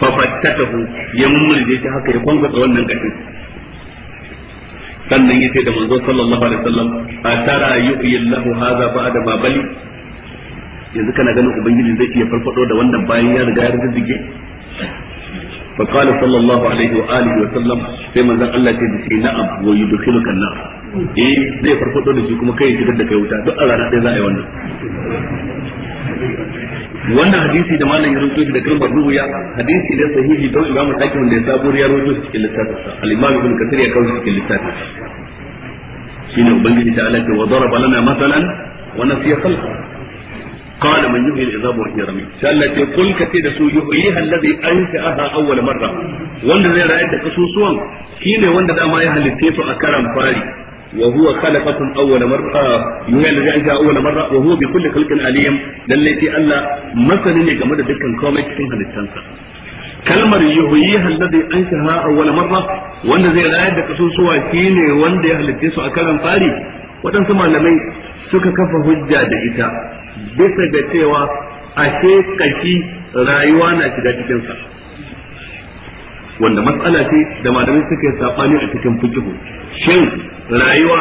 fa fattatahu ya mummurje shi haka ya kwankwasa wannan kashin sannan yace da manzo sallallahu alaihi wasallam atara yuhyi Allahu hadha ba'da ma bali yanzu kana ganin ubangiji zai iya farfado da wannan bayan ya riga ya rijige fa qala sallallahu alaihi wa alihi wa sallam sai manzon Allah ya ce na'am wa yudkhiluka an-nar eh zai farfado da shi kuma kai shigar da kai wuta duk a rana ɗaya za a yi wannan wannan hadisi da malam ya rubuto shi da kalmar hadisi ne sahihi don imamu hakim wanda ya sabo ya rubuto shi cikin littafin sa al-imam ibn kathir ya kawo cikin littafin shine ubangiji ta alaka wa daraba lana masalan wa nasiya khalqa قال من يحيي العظام وهي رميم سالت قل كتير سو يحييها الذي انشاها اول مره وان زي رايت كسوسوان شيني وان دا ما يهلكيتو اكرم فاري وهو خلقكم أول مرة يوحي الذي أنشأ أول مرة وهو بكل خلق عليم للي في الله مثل ne game da dukkan komai cikin halittansa kalmar yuhyiha alladhi anshaha awwal marra wanda zai rayar da kasusuwa shine wanda ya halitte su a karan fari waɗansu malamai suka kafa hujja da ita bisa ga cewa ashe kashi rayuwa na shiga cikin wanda matsala ce da malamai suka yi sabani a cikin fikihu shin rayuwa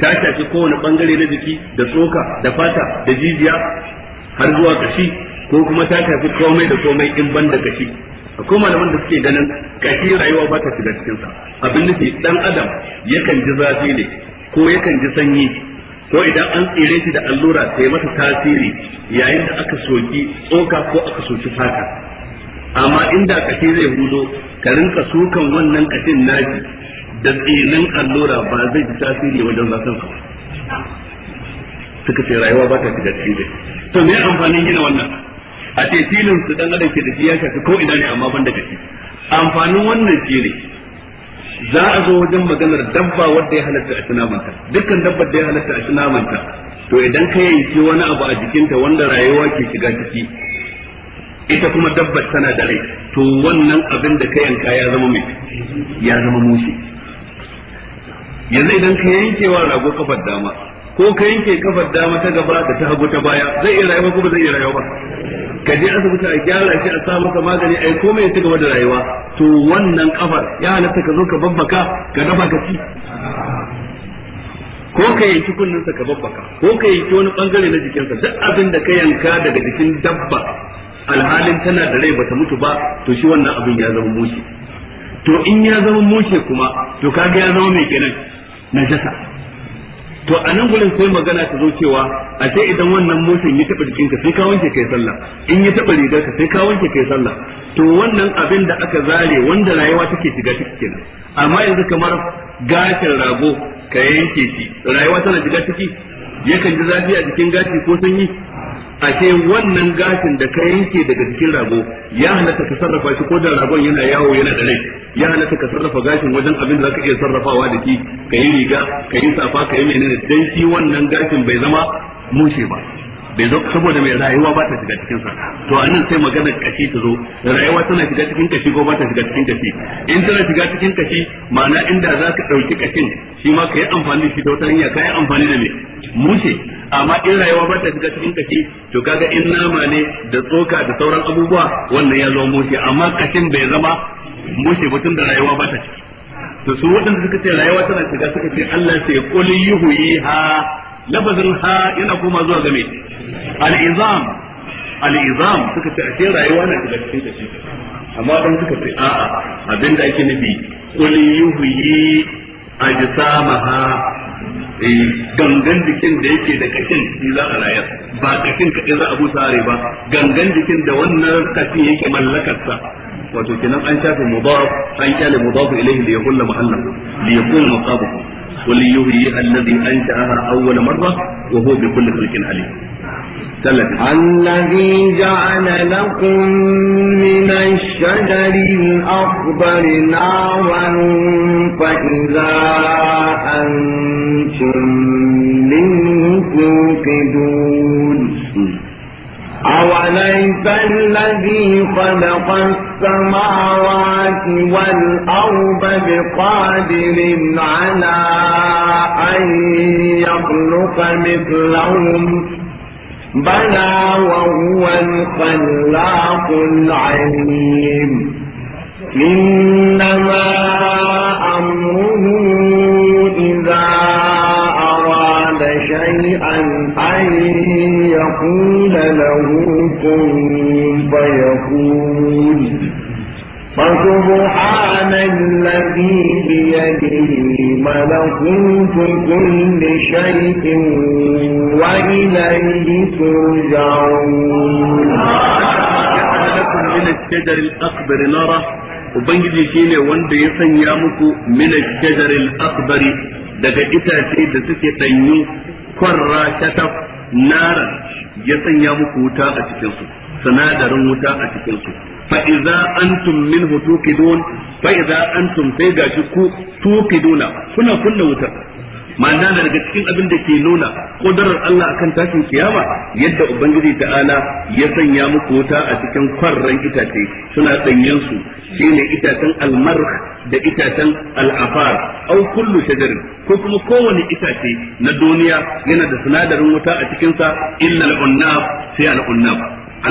ta shafi kowane bangare na jiki da tsoka da fata da jijiya har zuwa kashi ko kuma ta shafi komai da komai in ban da kashi akwai malaman da suke ganin kashi rayuwa ba ta shiga cikin sa abin nufi dan adam yakan ji zafi ne ko yakan ji sanyi ko idan an tsire shi da allura sai mata tasiri yayin da aka soki tsoka ko aka soki fata amma inda kashi zai hudo ka rinka sukan wannan kashin naji da tsinin allura ba zai ji tasiri wajen zafin kawai. suka ce rayuwa ba ta fi cikin dai to me amfanin gina wannan a ce filin su dan adam ke da ya shafi ko ina ne amma ban da gaci amfanin wannan shi ne za a zo wajen maganar dabba wadda ya halatta a tunamanta dukkan dabbar da ya halatta a tunamanta to idan ka yanki wani abu a jikinta wanda rayuwa ke shiga ciki ita kuma dabbar tana da rai to wannan abin da ka yanka ya zama mai ya zama mushi yanzu idan ka yanke wa rago kafar dama ko ka yanke kafar dama ta gaba da ta hagu ta baya zai iya rayuwa ko ba zai iya rayuwa ba ka je asibiti a gyara shi a sa maka magani ai komai ya ci gaba da rayuwa to wannan kafar ya halatta ka zo ka babbaka ka dafa ka ci ko ka yanki kunninsa ka babbaka ko ka yanki wani bangare na jikinsa duk abin da ka yanka daga jikin dabba alhalin tana da rai bata mutu ba to shi wannan abin ya zama mushi to in ya zama mushe kuma to kaga ya zama mai kenan najasa to a nan gurin sai magana ta zo cewa a sai idan wannan mushen ya taba jikinka sai ka wanke kai sallah in ya taba rigarka sai ka wanke kai sallah to wannan abin da aka zare wanda rayuwa take shiga ciki kenan amma yanzu kamar gashin rago ka yanke shi rayuwa tana shiga ciki yakan ji zafi a jikin gashi ko sanyi ce wannan gashin da ka yanke daga jikin rago ya halatta ka sarrafa shi ko da ragon yana yawo yana da rai ya halatta ka sarrafa gashin wajen abin da zaka iya sarrafawa da shi ka yi riga ka yi safa ka yi menene dan shi wannan gashin bai zama mushe ba bai zo saboda mai rayuwa ba ta shiga cikin sa to anan sai magana kashi ta zo rayuwa tana shiga cikin kashi ko ba ta shiga cikin kashi in tana shiga cikin kashi ma'ana inda zaka dauki kashin shi ma ka yi amfani da shi ta wata hanya ka yi amfani da me mushe amma in rayuwa ba ta shiga cikin kashi to kaga in nama ne da tsoka da sauran abubuwa wannan ya zama mushe amma kashin bai zama mushe ba tun da rayuwa ba ta ciki to su wadanda suka ce rayuwa tana shiga suka ce Allah sai qul yuhyiha lafazin ha yana koma zuwa ga me al-izam al-izam suka ce ashe rayuwa na shiga cikin kashi amma dan suka ce a'a abinda ake nufi qul yuhyi ajsamaha Eh, gangan jikin da yake da kakin shi za a rayar ba kakin ka za a busa ba gangan jikin da wannan kashin yake mallakarsa wato kenan an shafe mudaf an kyale mudaf ilayhi li yakulla mahallahu li yakuna maqabuhu qul yuhyiha alladhi ansha'aha awwala marra wa huwa bi kulli khalqin alim الذي جعل لكم من الشجر الأخضر نارا فإذا أنتم منه توقدون أوليس الذي خلق السماوات والأرض بقادر على أن يخلق مثلهم بلى وهو الخلاق العليم إنما أمره إذا أراد شيئا أن تقول له كن فيكون فسبحان الذي بيده ملكوت كل شيء وإليه ترجعون لكم من الشجر الأكبر نارا Ubangiji shi ne wanda ya sanya muku mina shajaril akbari daga itace da suke ɗanyu kwarra shataf naran ya sanya muku wuta a cikin su sinadarin wuta a cikin su fa idza antum minhu tuqidun fa idza antum sai gashi ku tuqiduna kuna kunna wutar ma'ana da daga cikin abin da ke nuna kudurar Allah akan tashin kiyama yadda ubangiji ta'ala ya sanya muku wuta a cikin kwarran itace suna danyen su shine itacen almarh da itacen al'afar au kullu shajarin ko kuma kowane itace na duniya yana da sinadarin wuta a cikin sa illa al-unnab sai al-unnab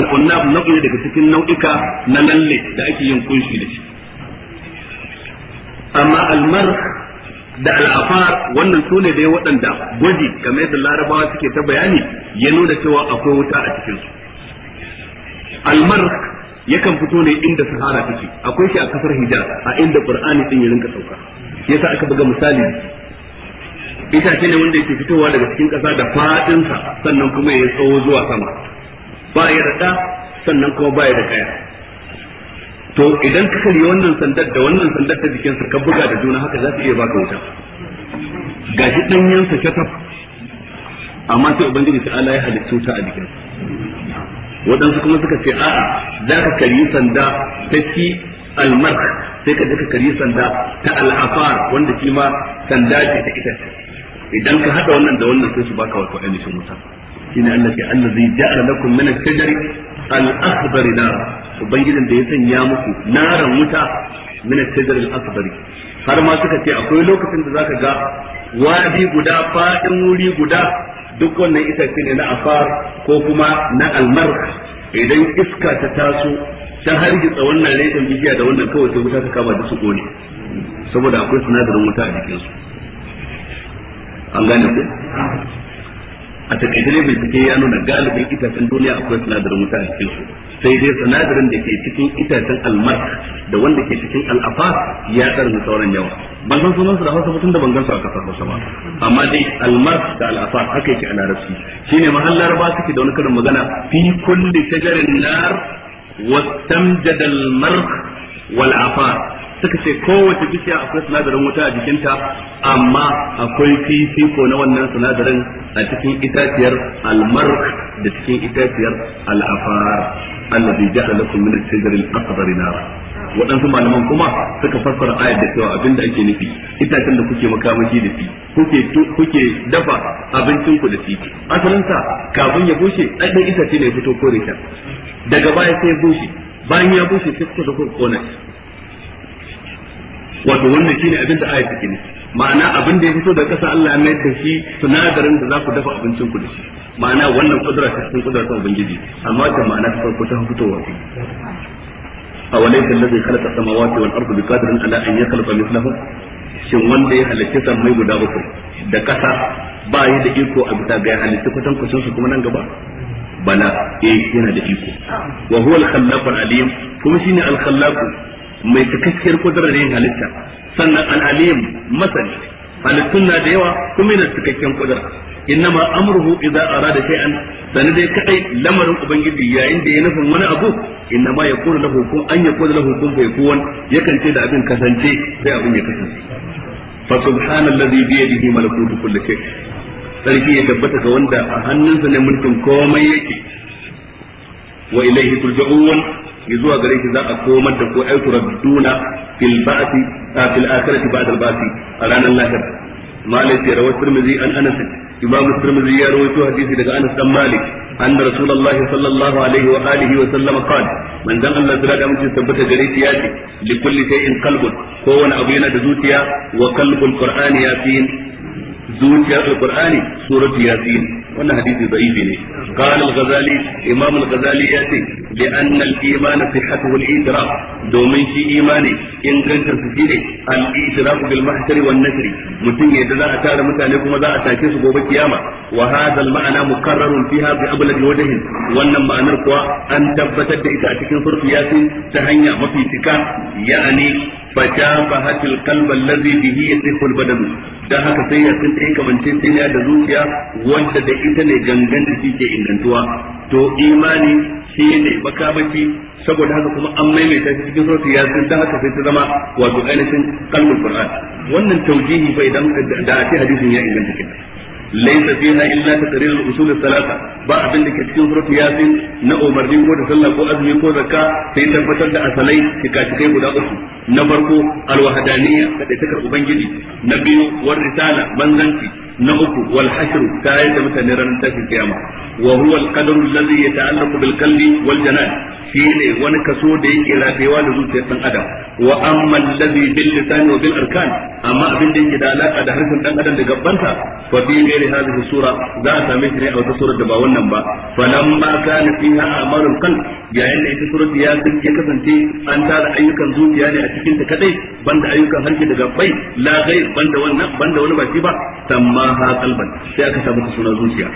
al-unnab nau'i daga cikin nau'ika na lalle da ake yin kunshi da shi amma almar da al'afar wannan su ne dai waɗanda gwaji game da larabawa suke ta bayani ya nuna cewa akwai wuta a cikinsu almar yakan fito ne inda sahara take akwai shi a kasar hijaz a inda qur'ani din ya rinka sauka yasa aka buga misali itace ne wanda yake fitowa daga cikin ƙasa da faɗinsa sannan kuma ya tsawo zuwa sama ba ya rada sannan kuma ba ya da kaya to idan ka karye wannan sandar da wannan sandar ta jikinsa ka buga da juna haka za su iya baka wuta ga shi ɗanyensa shataf amma sai ubangiji ta ala ya halittu ta a jikin Wadansu kuma suka ce a'a za ka karyi sanda ta ki almar sai ka je ka karyi sanda ta al'afar wanda shi ma sanda ce ta ita idan ka haɗa wannan da wannan sai su baka wato ainihin wuta shine Allah ya Allah zai ja'ala lakum min ash-shajari al nara ubangijin da ya sanya muku naran wuta min al-shajar al har ma suka ce akwai lokacin da zaka ga wadi guda fadin wuri guda duk wannan itace ne na afar ko kuma na almar idan iska ta taso ta hargitsa wannan reshen bishiya da wannan kawai sai wuta ta kama da su kone saboda akwai sinadarin wuta a jikinsu an gane ku a takaice dai bincike ya nuna galibin itacen duniya akwai sinadarin wuta a cikin su sai dai sinadarin da ke cikin itacen almar da wanda ke cikin al'afa ya da sauran yawa ban san sunan su da Hausa mutum da ban gansu a kasar Hausa ba amma dai almar da al'afa haka yake a larabci ne mahallar laraba suke da wani karin magana fi kulli shajarin nar wastamjada almar wal afar suka ce kowace bishiya akwai sinadarin wuta a jikinta amma akwai fifiko na wannan sinadarin a cikin itaciyar almark da cikin itaciyar al'afar allazi ja'a lakum min ash-shajari al-akhdar nara waɗansu malaman kuma suka fassara ayar da cewa da ake nufi itacen da kuke makamashi da shi kuke kuke dafa abincin ku da shi asalin sa kafin ya bushe ɗan itace ne ya fito kore ta daga baya sai ya bushe bayan ya bushe sai kuka zo kona wato wannan shine abin da ayat take ma'ana abin da ya fito daga ƙasa Allah ya mai da shi sunadarin da za ku dafa abincin ku da shi ma'ana wannan kudura ta cikin kudura ta ubangiji amma ta ma'ana ta farko ta fitowa a da walaysa allazi khalaqa samawati wal ardi biqadirin ala an yi yakhluqa mithlahum shin wanda ya halitta mai guda bakwai da ƙasa ba yi da iko a bisa ga halitta kwatan kwatan su kuma nan gaba bala eh yana da iko wa huwa al-khallaqu al-alim kuma shine al-khallaqu mai cikakkiyar kudurar yin halitta sannan al masani halittun na da yawa kuma yana cikakken kudura innama amruhu idza arada shay'an dan dai kaɗai lamarin ubangiji yayin da ya nufin wani abu innama yakunu lahu kun an yakunu lahu kun bai kuwan yakan ce da abin kasance sai abin ya kasance fa subhanallazi bi yadihi malakutu kulli shay sarki ya tabbata ga wanda a hannunsa ne mulkin komai yake wa ilayhi turja'un zuwa gare shi za a komar da ko ai turadduna fil ba'thi fil akhirati ba'da al ba'thi a ranar lahir malik ya rawar tirmidhi an anas imam tirmidhi ya rawaito hadisi daga anas dan malik anna rasulullahi sallallahu alaihi wa alihi wa sallam qala man dan Allah da da mutum tabbata gare shi yace li kulli shay'in qalbun kowane abu yana da zuciya wa qalbul qur'ani yasin zuciyar alqur'ani suratu yasin wannan hadisi da'ifi ne qala al imam al ya ce bi anna al-iman sihhatuhu al-itiraf domin shi imani ingancin su shine al-itiraf bil mahshari wan nasri mutum ya za a tara mutane kuma za a take su gobe kiyama wa ma'ana al-ma'na muqarrarun fiha bi ablad wajhin wannan ma'anar kuwa an tabbatar da ita a cikin surfi yasin ta hanya mafi cika ya'ani فشابهت القلب الذي به يصح البدن dan haka sai ya san tsaye kamance sai da zuciya wanda da ita ne gangan da ke ingantuwa to imani shi ne makamaci saboda haka kuma an maimaita shi cikin ya san dan haka sai ta zama wato ainihin kalmul qur'an wannan taujihi bai dan da ake hadisin ya inganta kenan laisa fina illa taqrir al-usul al-thalatha ba abin da ke cikin surat yasin na umarni ko da sallah ko azumi ko zakka sai tabbatar da asalai cikai guda uku na farko al-wahdaniyya ubangiji na biyu war risala manzanci na uku wal hashru tayar da mutane ranar tashin kiyama wa huwa al qadaru alladhi yata'allaqu bil qalbi wal janan shine wani kaso da yake rafewa da zuciyar dan adam wa amma alladhi bil lisani wa bil arkan amma abin da yake da alaka da harshen dan adam da gabbanta fa fi ghairi hadhihi sura za a same shi ne a wata surar da ba wannan ba falamma kana fiha amalul qalb yayin da ita surat ya ya kasance an tara ayyukan zuciya ne a cikin ta kadai banda ayyukan harshe da gabbai la ghair banda wannan banda wani ba shi ba tamma sammaha qalban sai aka samu suna zuciya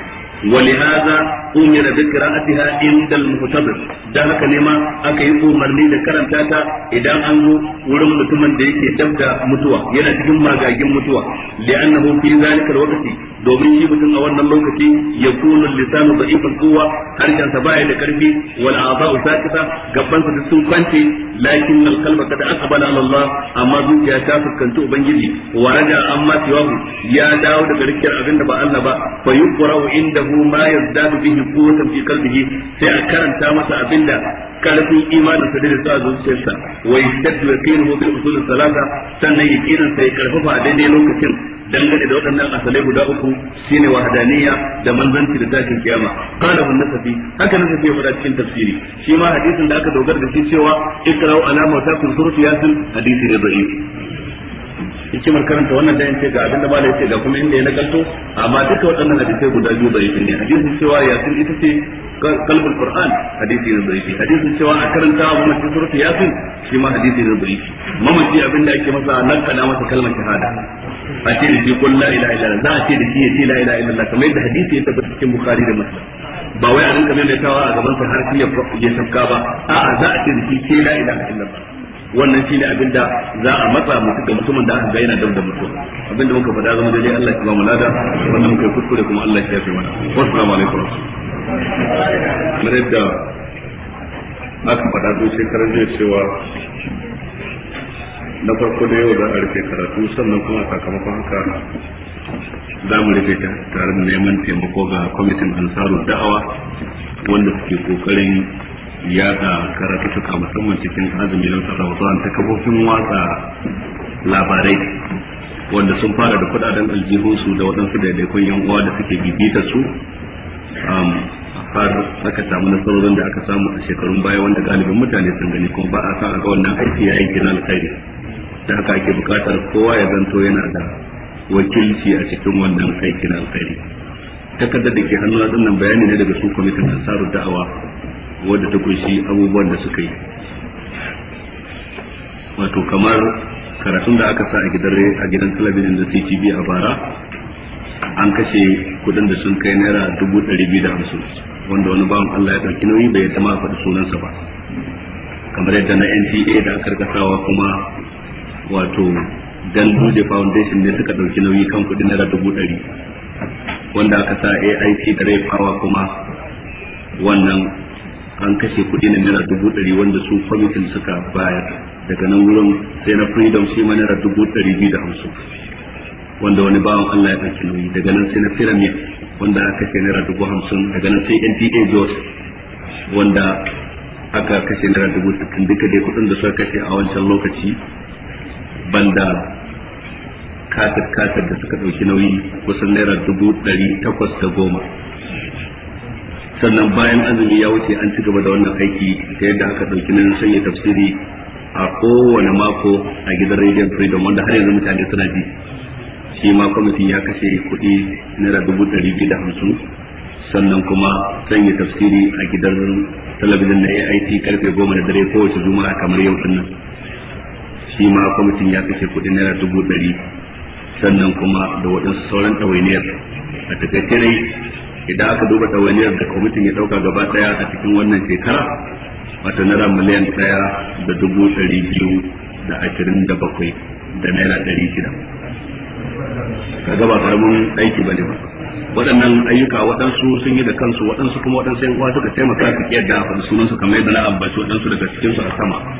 ولهذا أمر بقراءتها عند المختبر da haka ne ma aka yi umarni da karanta ta idan an zo wurin mutumin da yake dab mutuwa yana cikin magagin mutuwa li'annahu fi zalika alwaqti domin shi mutum a wannan lokaci ya kunu lisanu da ifin kowa harshen sa baya da karfi wal a'za'u sakita gaban sa sun kwance lakin al qalba kada aqbala Allah amma zuciya ta fuskanci ubangiji wa raja amma siwahu ya dawo daga rikiyar abinda ba Allah ba fa yuqra'u indahu ma yazdadu bihi quwwatan fi qalbihi sai a karanta masa abinda karfin imanin sa da sa zuciyarsa wa yastadu yaqinuhu bil usul salata sannan ya sa ya karfafa a daidai lokacin dangane da waɗannan asalai guda uku shine wahdaniyya da manzanci da tashin kiyama kana ibn nasabi haka nan sai fara cikin tafsiri shi ma hadisin da aka dogara da shi cewa ikra'u ala mawtakum ya yasin hadisi ne da'if hikimar karanta wannan da ce ga abinda malai ce ga kuma inda ya nakalto amma duka waɗannan hadisai guda biyu da ne hadisin cewa yasin ita ce kalbul qur'an hadisi ne zaifi hadisin cewa a karanta wa mutum suratu yasin shi ma hadisi ne zaifi mamaci abin da ake masa kana masa kalmar shahada a ce da shi kun la ilaha illallah za a ce da shi ya ce la ilaha illallah kamar yadda hadisi ya tabbata cikin bukhari da muslim ba wai a rinka maimaitawa a gaban sa har shi ya tafka ba a'a za a ce da shi ce la ilaha illallah wannan shine abin da za a matsa mutum da mutumin da aka ga yana dab da mutum abin da muka faɗa zama daidai Allah ya ba mu lada wanda muka yi kuskure kuma Allah ya yafe mana wassalamu alaikum kamar yadda aka faɗa to shekarar jiya cewa na farko da yau za a rufe karatu sannan kuma sakamakon haka za mu rufe ta tare da neman taimako ga kwamitin ansaru da'awa wanda suke kokarin yada karatuka musamman cikin azumi na sarrafa ta kafofin watsa labarai wanda sun fara da kudaden aljihunsu da waɗansu daidaikun yan uwa da suke bibita su har aka samu nasarorin da aka samu a shekarun baya wanda galibin mutane sun gani kuma ba a san a ga wannan aiki ya aiki na alkhairi da haka ake bukatar kowa ya zanto yana da wakilci a cikin wannan aikin alkhairi takardar da ke hannu nan bayani ne daga su kwamitin ansaru da'awa wadda ta kunshi abubuwan da suka yi wato kamar karatun da aka sa a gidan a gidan talabijin da CTV a bara an kashe kudin da sun kai naira dubu ɗari biyu da hamsin wanda wani bawan Allah ya ɗauki nauyi bai yadda ma faɗi sunansa ba kamar yadda na NTA da aka rikasawa kuma wato gandu da foundation ne suka dauki nauyi kan kudin naira dubu ɗari wanda aka sa aic da rai fawa kuma wannan an kashe kuɗi na naira dubu ɗari wanda su kwamitin suka bayar daga nan wurin sai na freedom shi ma naira dubu ɗari biyu da hamsin wanda wani bawan allah ya ɗauki nauyi daga nan sai na pyramid wanda aka kashe naira dubu hamsin daga nan sai nta jos wanda aka kashe naira dubu sittin duka dai kudin da suka kashe a wancan lokaci banda kafet kafet da suka ɗauki nauyi kusan naira dubu ɗari takwas da goma sannan bayan azumi ya wuce an ci gaba da wannan aiki ta yadda aka ɗauki nan sanya tafsiri a kowane mako a gidan rediyon freedom wanda har yanzu mutane suna ji shi ma kwamitin ya kashe kuɗi naira dubu ɗari biyu da hamsin sannan kuma sanya tafsiri a gidan talabijin na AIT karfe goma da dare kowace juma'a kamar yau shi ma kwamitin ya kashe kudin naira dubu ɗari sannan kuma da waɗansu sauran ɗawainiyar a takaice ne idan aka duba ɗawainiyar da kwamitin ya ɗauka gaba ɗaya a cikin wannan shekara wata naira miliyan ɗaya da dubu ɗari biyu da ashirin da bakwai da naira ɗari shida ka gaba karamin aiki ne ba waɗannan ayyuka waɗansu sun yi da kansu waɗansu kuma waɗansu yan uwa suka taimaka su ƙiyar da faɗi sunansu kamar yadda na ambaci waɗansu daga cikinsu a sama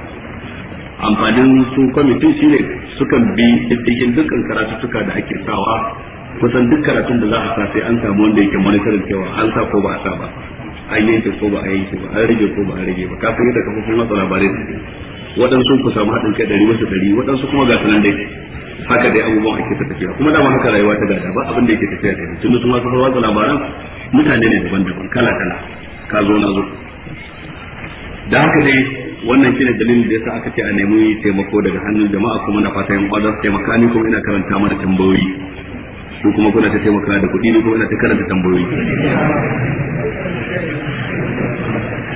amfanin su kwamitin shi ne sukan bi cikin dukkan karatuttuka da ake sawa kusan duk karatun da za a sa sai an samu wanda yake monitorin cewa an sa ko ba a sa ba an yanke ko ba a yanke ba an rage ko ba a rage ba kafin yadda kafofin watsa labarai waɗansu ku samu haɗin kai ɗari wasu ɗari waɗansu kuma ga sanan dai haka dai abubuwan ake ta tafiya kuma dama haka rayuwa ta gada ba abin da yake tafiya kai tun da su masu watsa labaran mutane ne daban-daban kala-kala ka zo na zo da haka dai wannan shine dalilin da yasa aka ce a nemi taimako daga hannun jama'a kuma na fata yan kwadar taimaka ni kuma ina karanta mana tambayoyi ko kuma kuna ta taimaka da kuɗi ni kuma ina ta karanta tambayoyi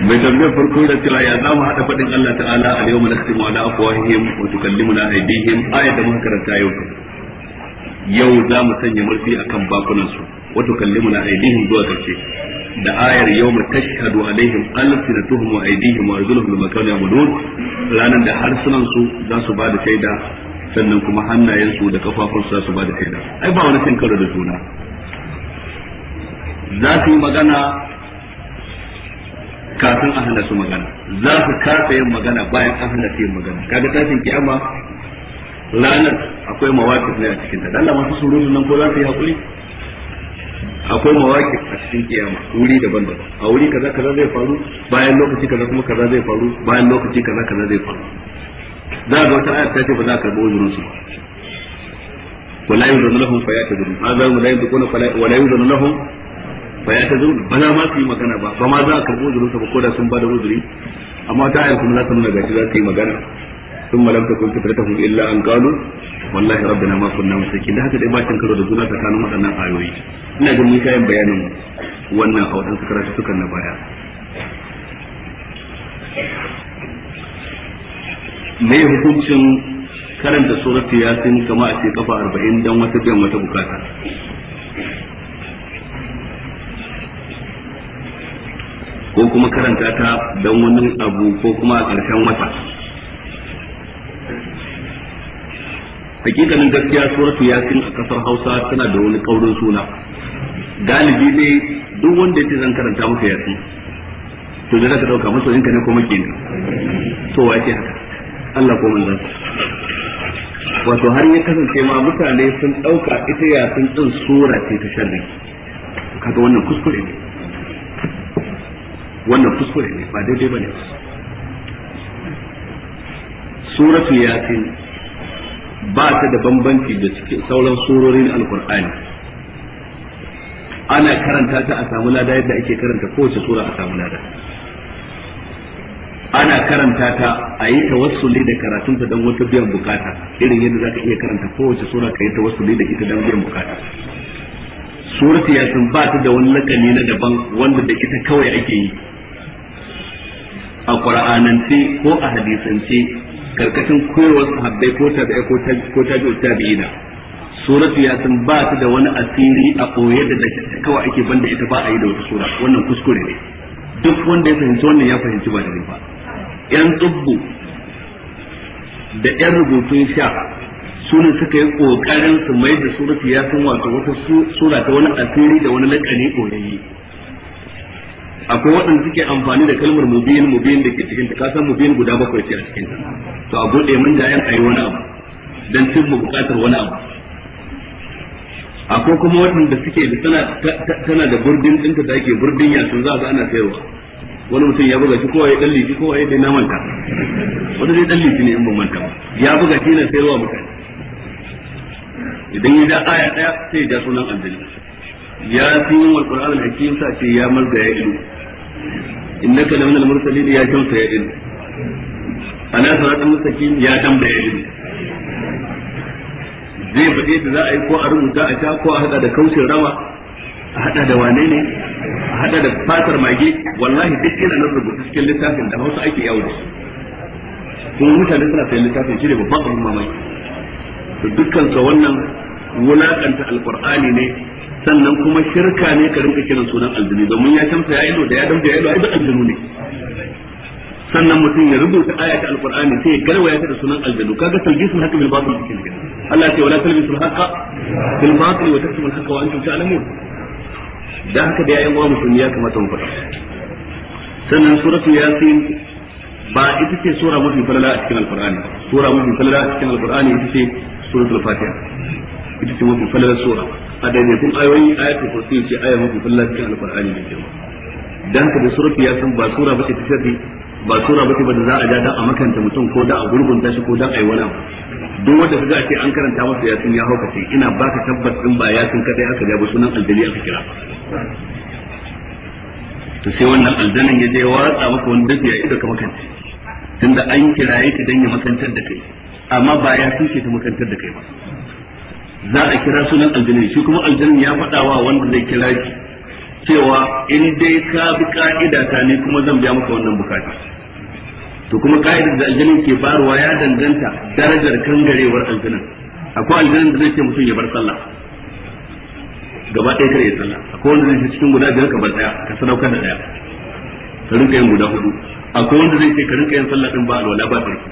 mai tambayar farko da cewa ya za mu haɗa faɗin Allah ta'ala a yau mana kasimu ala afwahihim wa tukallimuna aydihim ayat da muka karanta yau yau za mu sanya murfi akan bakunan su wa tukallimuna aydihim zuwa karshe da ayar yawma tashhadu alaihim tuhumu a aydihim wa da bima ya ya'malun ranar da harsunan su za su ba da shaida sannan kuma hannayen su da kafafun su za su ba da shaida ai ba wani cin karo da juna za su yi magana kafin a hana su magana za su kasa yin magana bayan a hana su yin magana kaga tashin kiyama ranar akwai mawakif ne a cikin ta dalla masu surutu nan ko za su yi hakuri akwai mawaki a cikin kiyama wuri daban-daban a wuri kaza kaza zai faru bayan lokaci kaza kuma kaza zai faru bayan lokaci kaza kaza zai faru za ga wata ayat ta ce ba za ka karɓi wajen su ba wala yuzunu lahum fa yatadrun hadha la yuzunu wala yuzunu lahum fa yatadrun ba za ma su yi magana ba ba ma za ka karɓi wajen su ba ko da sun da uzuri amma ta ayat kuma za ta nuna gashi za su yi magana ثم لم تكن فترتهم الا ان قالوا والله ربنا ما كنا مشركين da haka باكن كرو karo da juna tsakanin waɗannan ayoyi ina jin mun kayan bayanin wannan a waɗansu karatu sukan na baya me hukuncin karanta suratu yasin kama a ce kafa 40 dan wata biyan wata bukata ko kuma karanta ta dan wani abu ko kuma a karshen wata hakikanin gaskiya suratu yasin a kasar hausa tana da wani kaurin suna galibi ne duk wanda ya ce zan karanta maka yasin to da zaka dauka masa yinka ne ko maki ne to wa ke Allah ko manzon wato har ya kasance ma mutane sun dauka ita yasin din sura ce ta shan sharri kaga wannan kuskure ne wannan kuskure ne ba daidai bane suratu yasin ba ta da bambanci da cikin sauran surorin alkur'ani ana karanta ta a samu lada yadda ake karanta kowace sura a samu lada ana karanta ta a yi tawassuli da karatunta don wata biyan bukata irin yadda za ka iya karanta kowace sura ka yi tawassuli da ita don biyan bukata ya sun ba ta da wani lakani na daban wanda da ita kawai ake yi a qur'anance ko a hadisance karkashin koyarwar sahabbai ko tabi'i ko ko tabi'u tabi'ina suratu yasin ba ta da wani asiri a koyar da kawai ake banda ita ba a yi da wata sura wannan kuskure ne duk wanda ya fahimci wannan ya fahimci ba da ba yan tsubbu da yan rubutun sha su ne suka yi kokarin su mai da suratu yasin wato wata sura ta wani asiri da wani lakani koyayye akwai waɗanda suke amfani da kalmar mubin mubin da ke cikin ta ka san mubin guda bakwai ce a cikin ta to a gode mun da yan ayi wani abu dan cin mu bukatar wani abu akwai kuma waɗanda suke da tana tana da burdin dinta da ake burdin ya sun za ga ana sayarwa wani mutum ya buga shi kowa ya dalli shi kowa ya dai na manta wani zai dalli shi ne in ban manta ya buga shi na sayarwa mutane idan ya da aya daya sai ya da sunan aljanna ya fi yin alƙur'an al-hakim sa ce ya marza ya ilu innaka lamin al-mursalin ya shamsa ya ilu ana sanatan mustakim ya da ya ilu zai faɗi da za a yi ko a rubuta a sha ko a haɗa da kaushin rawa a haɗa da wane ne a haɗa da fatar mage wallahi duk yana nan rubutu cikin littafin da hausa ake yawo da kuma mutane suna sayan littafin shi ne babban abin mamaki to dukkan sa wannan wulakanta alqur'ani ne sannan kuma shirka ne ka rinka kiran sunan aljini domin ya kamsa ya ido da ya damta ya ido ai duk aljinu ne sannan mutum ya rubuta aya ta alqur'ani sai ya garwaya ta da sunan aljinu kaga talbisul haqqi bil batil cikin Allah ya ce wala talbisul haqqa bil batil wa taktumul haqqa wa antum ta'lamun dan haka da yayin wa mutum ya kamata mu faɗa sannan suratu yasin ba ita ce sura mafi falala a cikin alqur'ani sura mafi falala a cikin alqur'ani ita ce suratul fatiha ita ce mafi falala sura a daidaikun ayoyi ayatul kursi ce aya mafi kullum cikin alqur'ani da girma dan ka da surfi ya san ba sura bace ta sharri ba sura bace ba da za a ja dan a makanta mutum ko da a gurgunta shi ko dan a yi wani abu duk wanda kaga a ce an karanta masa yasin ya hauka sai ina baka tabbas din ba yasin kadai aka ja ba sunan aljali aka kira to sai wannan aljanin ya je watsa maka wani dafi ya ido ka makanta tunda an kiraye ka dan ya makantar da kai amma ba ya sun ta makantar da kai ba za a kira sunan aljanin shi kuma aljanin ya faɗa wa wanda zai kira shi cewa in dai ka bi ka'ida ta ne kuma zan biya maka wannan bukata to kuma ka'idar da aljanin ke barwa ya danganta darajar kangarewar aljanna akwai aljanna da zai ce mutum ya bar sallah gaba ɗaya kare ya sallah akwai wanda zai ce cikin guda biyar ka bar ɗaya ka sadaukar da ɗaya ka rinka yin guda hudu akwai wanda zai ce ka rinka yin sallah din ba alwala ba tsarki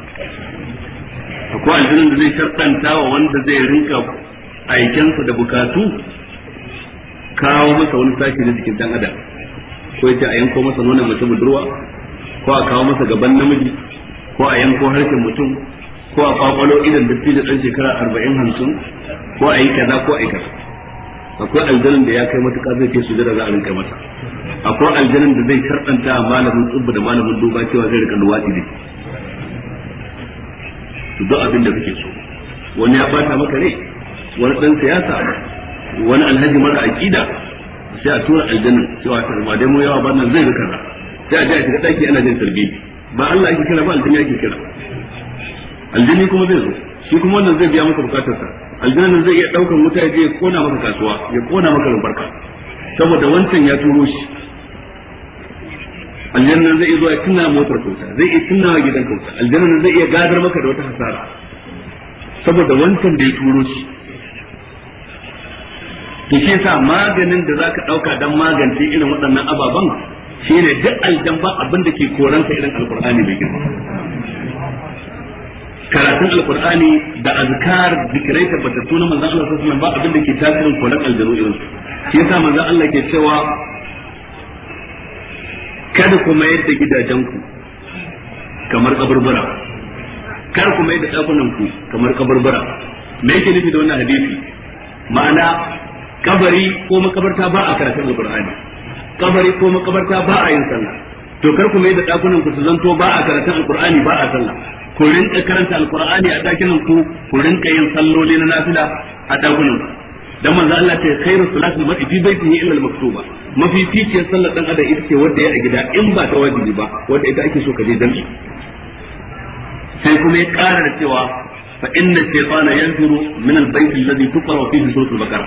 akwai aljanna da zai shartanta wa wanda zai rinka aikensu da bukatu kawo masa wani sashi na jikin dan adam ko yace a yanko masa nonon mutum budurwa ko a kawo masa gaban namiji ko a yanko harshen mutum ko a kwakwalo idan fi da tsan shekara arba'in hamsin ko a yi kaza ko a yi kaza akwai aljanin da ya kai matuƙa zai ke sujada za a rinka masa akwai aljanin da zai karɓanta a malamin tsubba da malamin duba cewa zai rika luwaɗi ne duk abin da kake so wani ya bata maka ne wani ɗan siyasa wani alhaji mara aƙida sai a tura aljanna cewa ba dai mu yawa ba nan zai rika sai a je a shiga ɗaki ana jin tarbi ba Allah ake kira ba aljanna ake kira aljanni kuma zai zo shi kuma wannan zai biya maka bukatarsa aljanna zai iya ɗaukar wuta ya je ya kona maka kasuwa ya kona maka rubarka saboda wancan ya turo shi aljanna zai ya tuna motar kauta zai iya tunna gidan kauta aljanna zai iya gadar maka da wata hasara saboda wancan da ya turo shi to shi yasa maganin da zaka dauka dan magance irin waɗannan ababan shine duk aljan ba abin da ke koranta irin alqur'ani mai girma karatun alqur'ani da azkar zikirai tabbatattu na manzo Allah sallallahu alaihi ba abin da ke tasirin koran aljanu irin su shi yasa manzo Allah ke cewa kada ku mayar da gidajenku kamar kaburbura kar ku mayar da dakunan ku kamar kaburbura me yake nufi da wannan hadisi ma'ana kabari ko makabarta ba a karatun alkur'ani kabari ko makabarta ba a yin sallah to kar ku mai da dakunan ku su zanto ba a karatun alkur'ani ba a sallah ku rinka karanta alkur'ani a dakunan ku ku rinka yin salloli na nafila a dakunan ku dan manzo Allah ta khairu salatul mar'i fi baitihi illa al-maktuba mafi fikiyar sallar dan adam ita ce wanda ya a gida in ba ta wajibi ba wanda ita ake so ka je dan sai kuma ya ƙara da cewa fa inna shaytana yanzuru min al-bayt alladhi tuqra fihi suratul baqara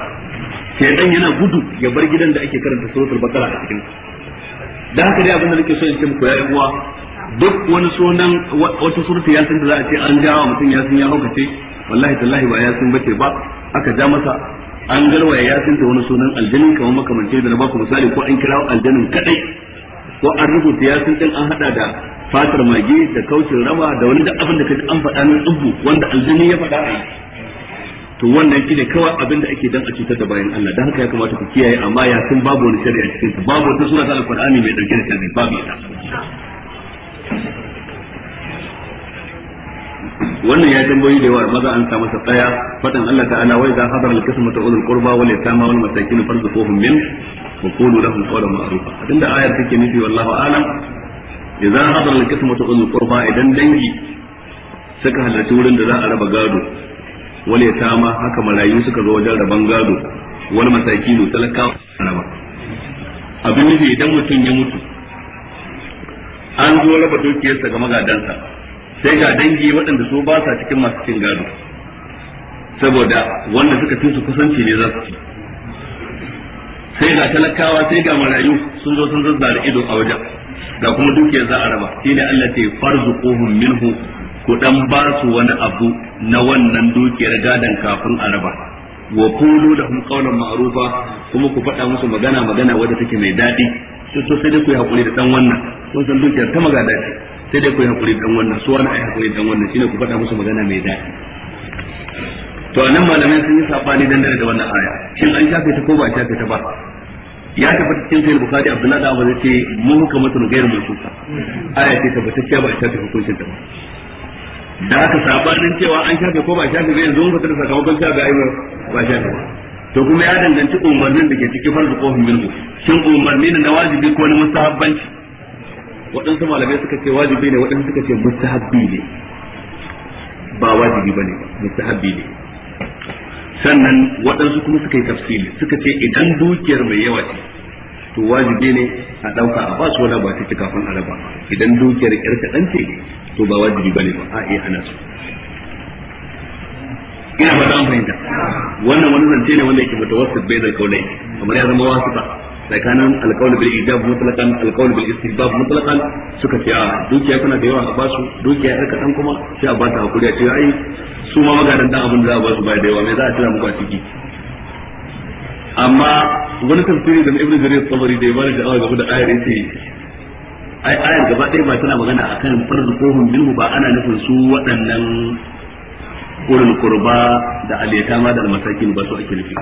dan yana gudu ya bar gidan da ake karanta suratul baqara a cikin dan haka dai abin da nake so in ce muku ya uwa duk wani sunan wata surta ya san da za a ce an jawa mutum ya san ya haukace wallahi tallahi ba ya san bace ba aka ja masa an garwaya ya san da wani sunan aljanin kamar makamancin da na baku misali ko an kirawo aljanin kadai ko an rubuta ya san din an hada da fatar mage da kaucin rama da wani da abin da kaji an faɗa na tsubbu wanda aljini ya faɗa a yi to wannan shine kawai abin da ake dan a cutar da bayan Allah dan haka ya kamata ku kiyaye amma ya sun babu wani shari'a cikin sa babu wata sura ta qurani mai dauke da shari'a babu ita wannan ya tambayi da yawa maza an samu sa tsaya fadan Allah ta'ala wai za hadar al-qismatu ulul qurba wal yatama wal masakin farzuquhum min wa qulu lahum qawlan ma'rufa abinda ayar take nufi wallahu alam idza hadar al-qismatu ulul qurba idan dangi suka halarci wurin da za a raba gado Wani ya tama haka marayu suka zo wajen rabon gado wani ne talaka talakawa raba abin da idan mutum ya mutu an zo raba dukiyarsa ga magadansa sai ga dangi waɗanda su ba sa cikin masu cin gado saboda wanda suka fi su kusanci ne za su ci sai ga talakawa sai ga marayu sun zo sun zazzara ido a wajen ga kuma dukiyar za a raba shine Allah ta farzuquhum minhu ku dan ba su wani abu na wannan dukiyar gadan kafin araba wa da hum qawlan ma'rufa kuma ku faɗa musu magana magana wadda take mai daɗi to sai dai ku yi hakuri da dan wannan ko san dukiyar ta magada daɗi. sai dai ku yi hakuri da dan wannan su wani ai hakuri da dan wannan shine ku faɗa musu magana mai daɗi to anan malamai sun yi sabani dan da wannan aya shin an shafe ta ko ba shafe ta ba ya tabbata cikin sayyid bukhari abdullahi da abu zai ce mu hukamatu ghayr mansuka aya ce ta ba ta hukuncin ta ba da aka sabanin cewa an shafe ko ba shafe bai yanzu fitar da sakamakon shafe ai ba shafe ba to kuma ya danganci umarnin da ke cikin farzu ko minhu shin umarni ne na wajibi ko na mustahabbanci waɗansu malamai suka ce wajibi ne waɗansu suka ce mustahabbi ne ba wajibi ba ne mustahabbi ne sannan waɗansu kuma suka yi tafsili suka ce idan dukiyar mai yawa ce to wajibi ne a ɗauka a ba su wani ba ta kafin araba idan dukiyar ƴar kaɗan ce to ba wajibi bane ba a iya hana su ina ba dan fahimta wannan wani zance ne wanda yake mutawassit bai da kaulai kamar ya zama wasu ba tsakanin alkawal bil ijab mutlaqan alkawal bil istihbab mutlaqan suka ce a dukiya kuna da yawa a basu dukiya yar kadan kuma sai a bata hakuri a ce ai su ma magadan dan abin da za a basu bai da yawa me za a tira muku a ciki amma wani tafsiri da ibnu jarir tabari da ya da da ayar yake ai ayar gaba ɗaya ba tana magana akan farzuquhum minhu ba ana nufin su waɗannan wurin kurba da aliyata ma da almasakin ba su ake nufi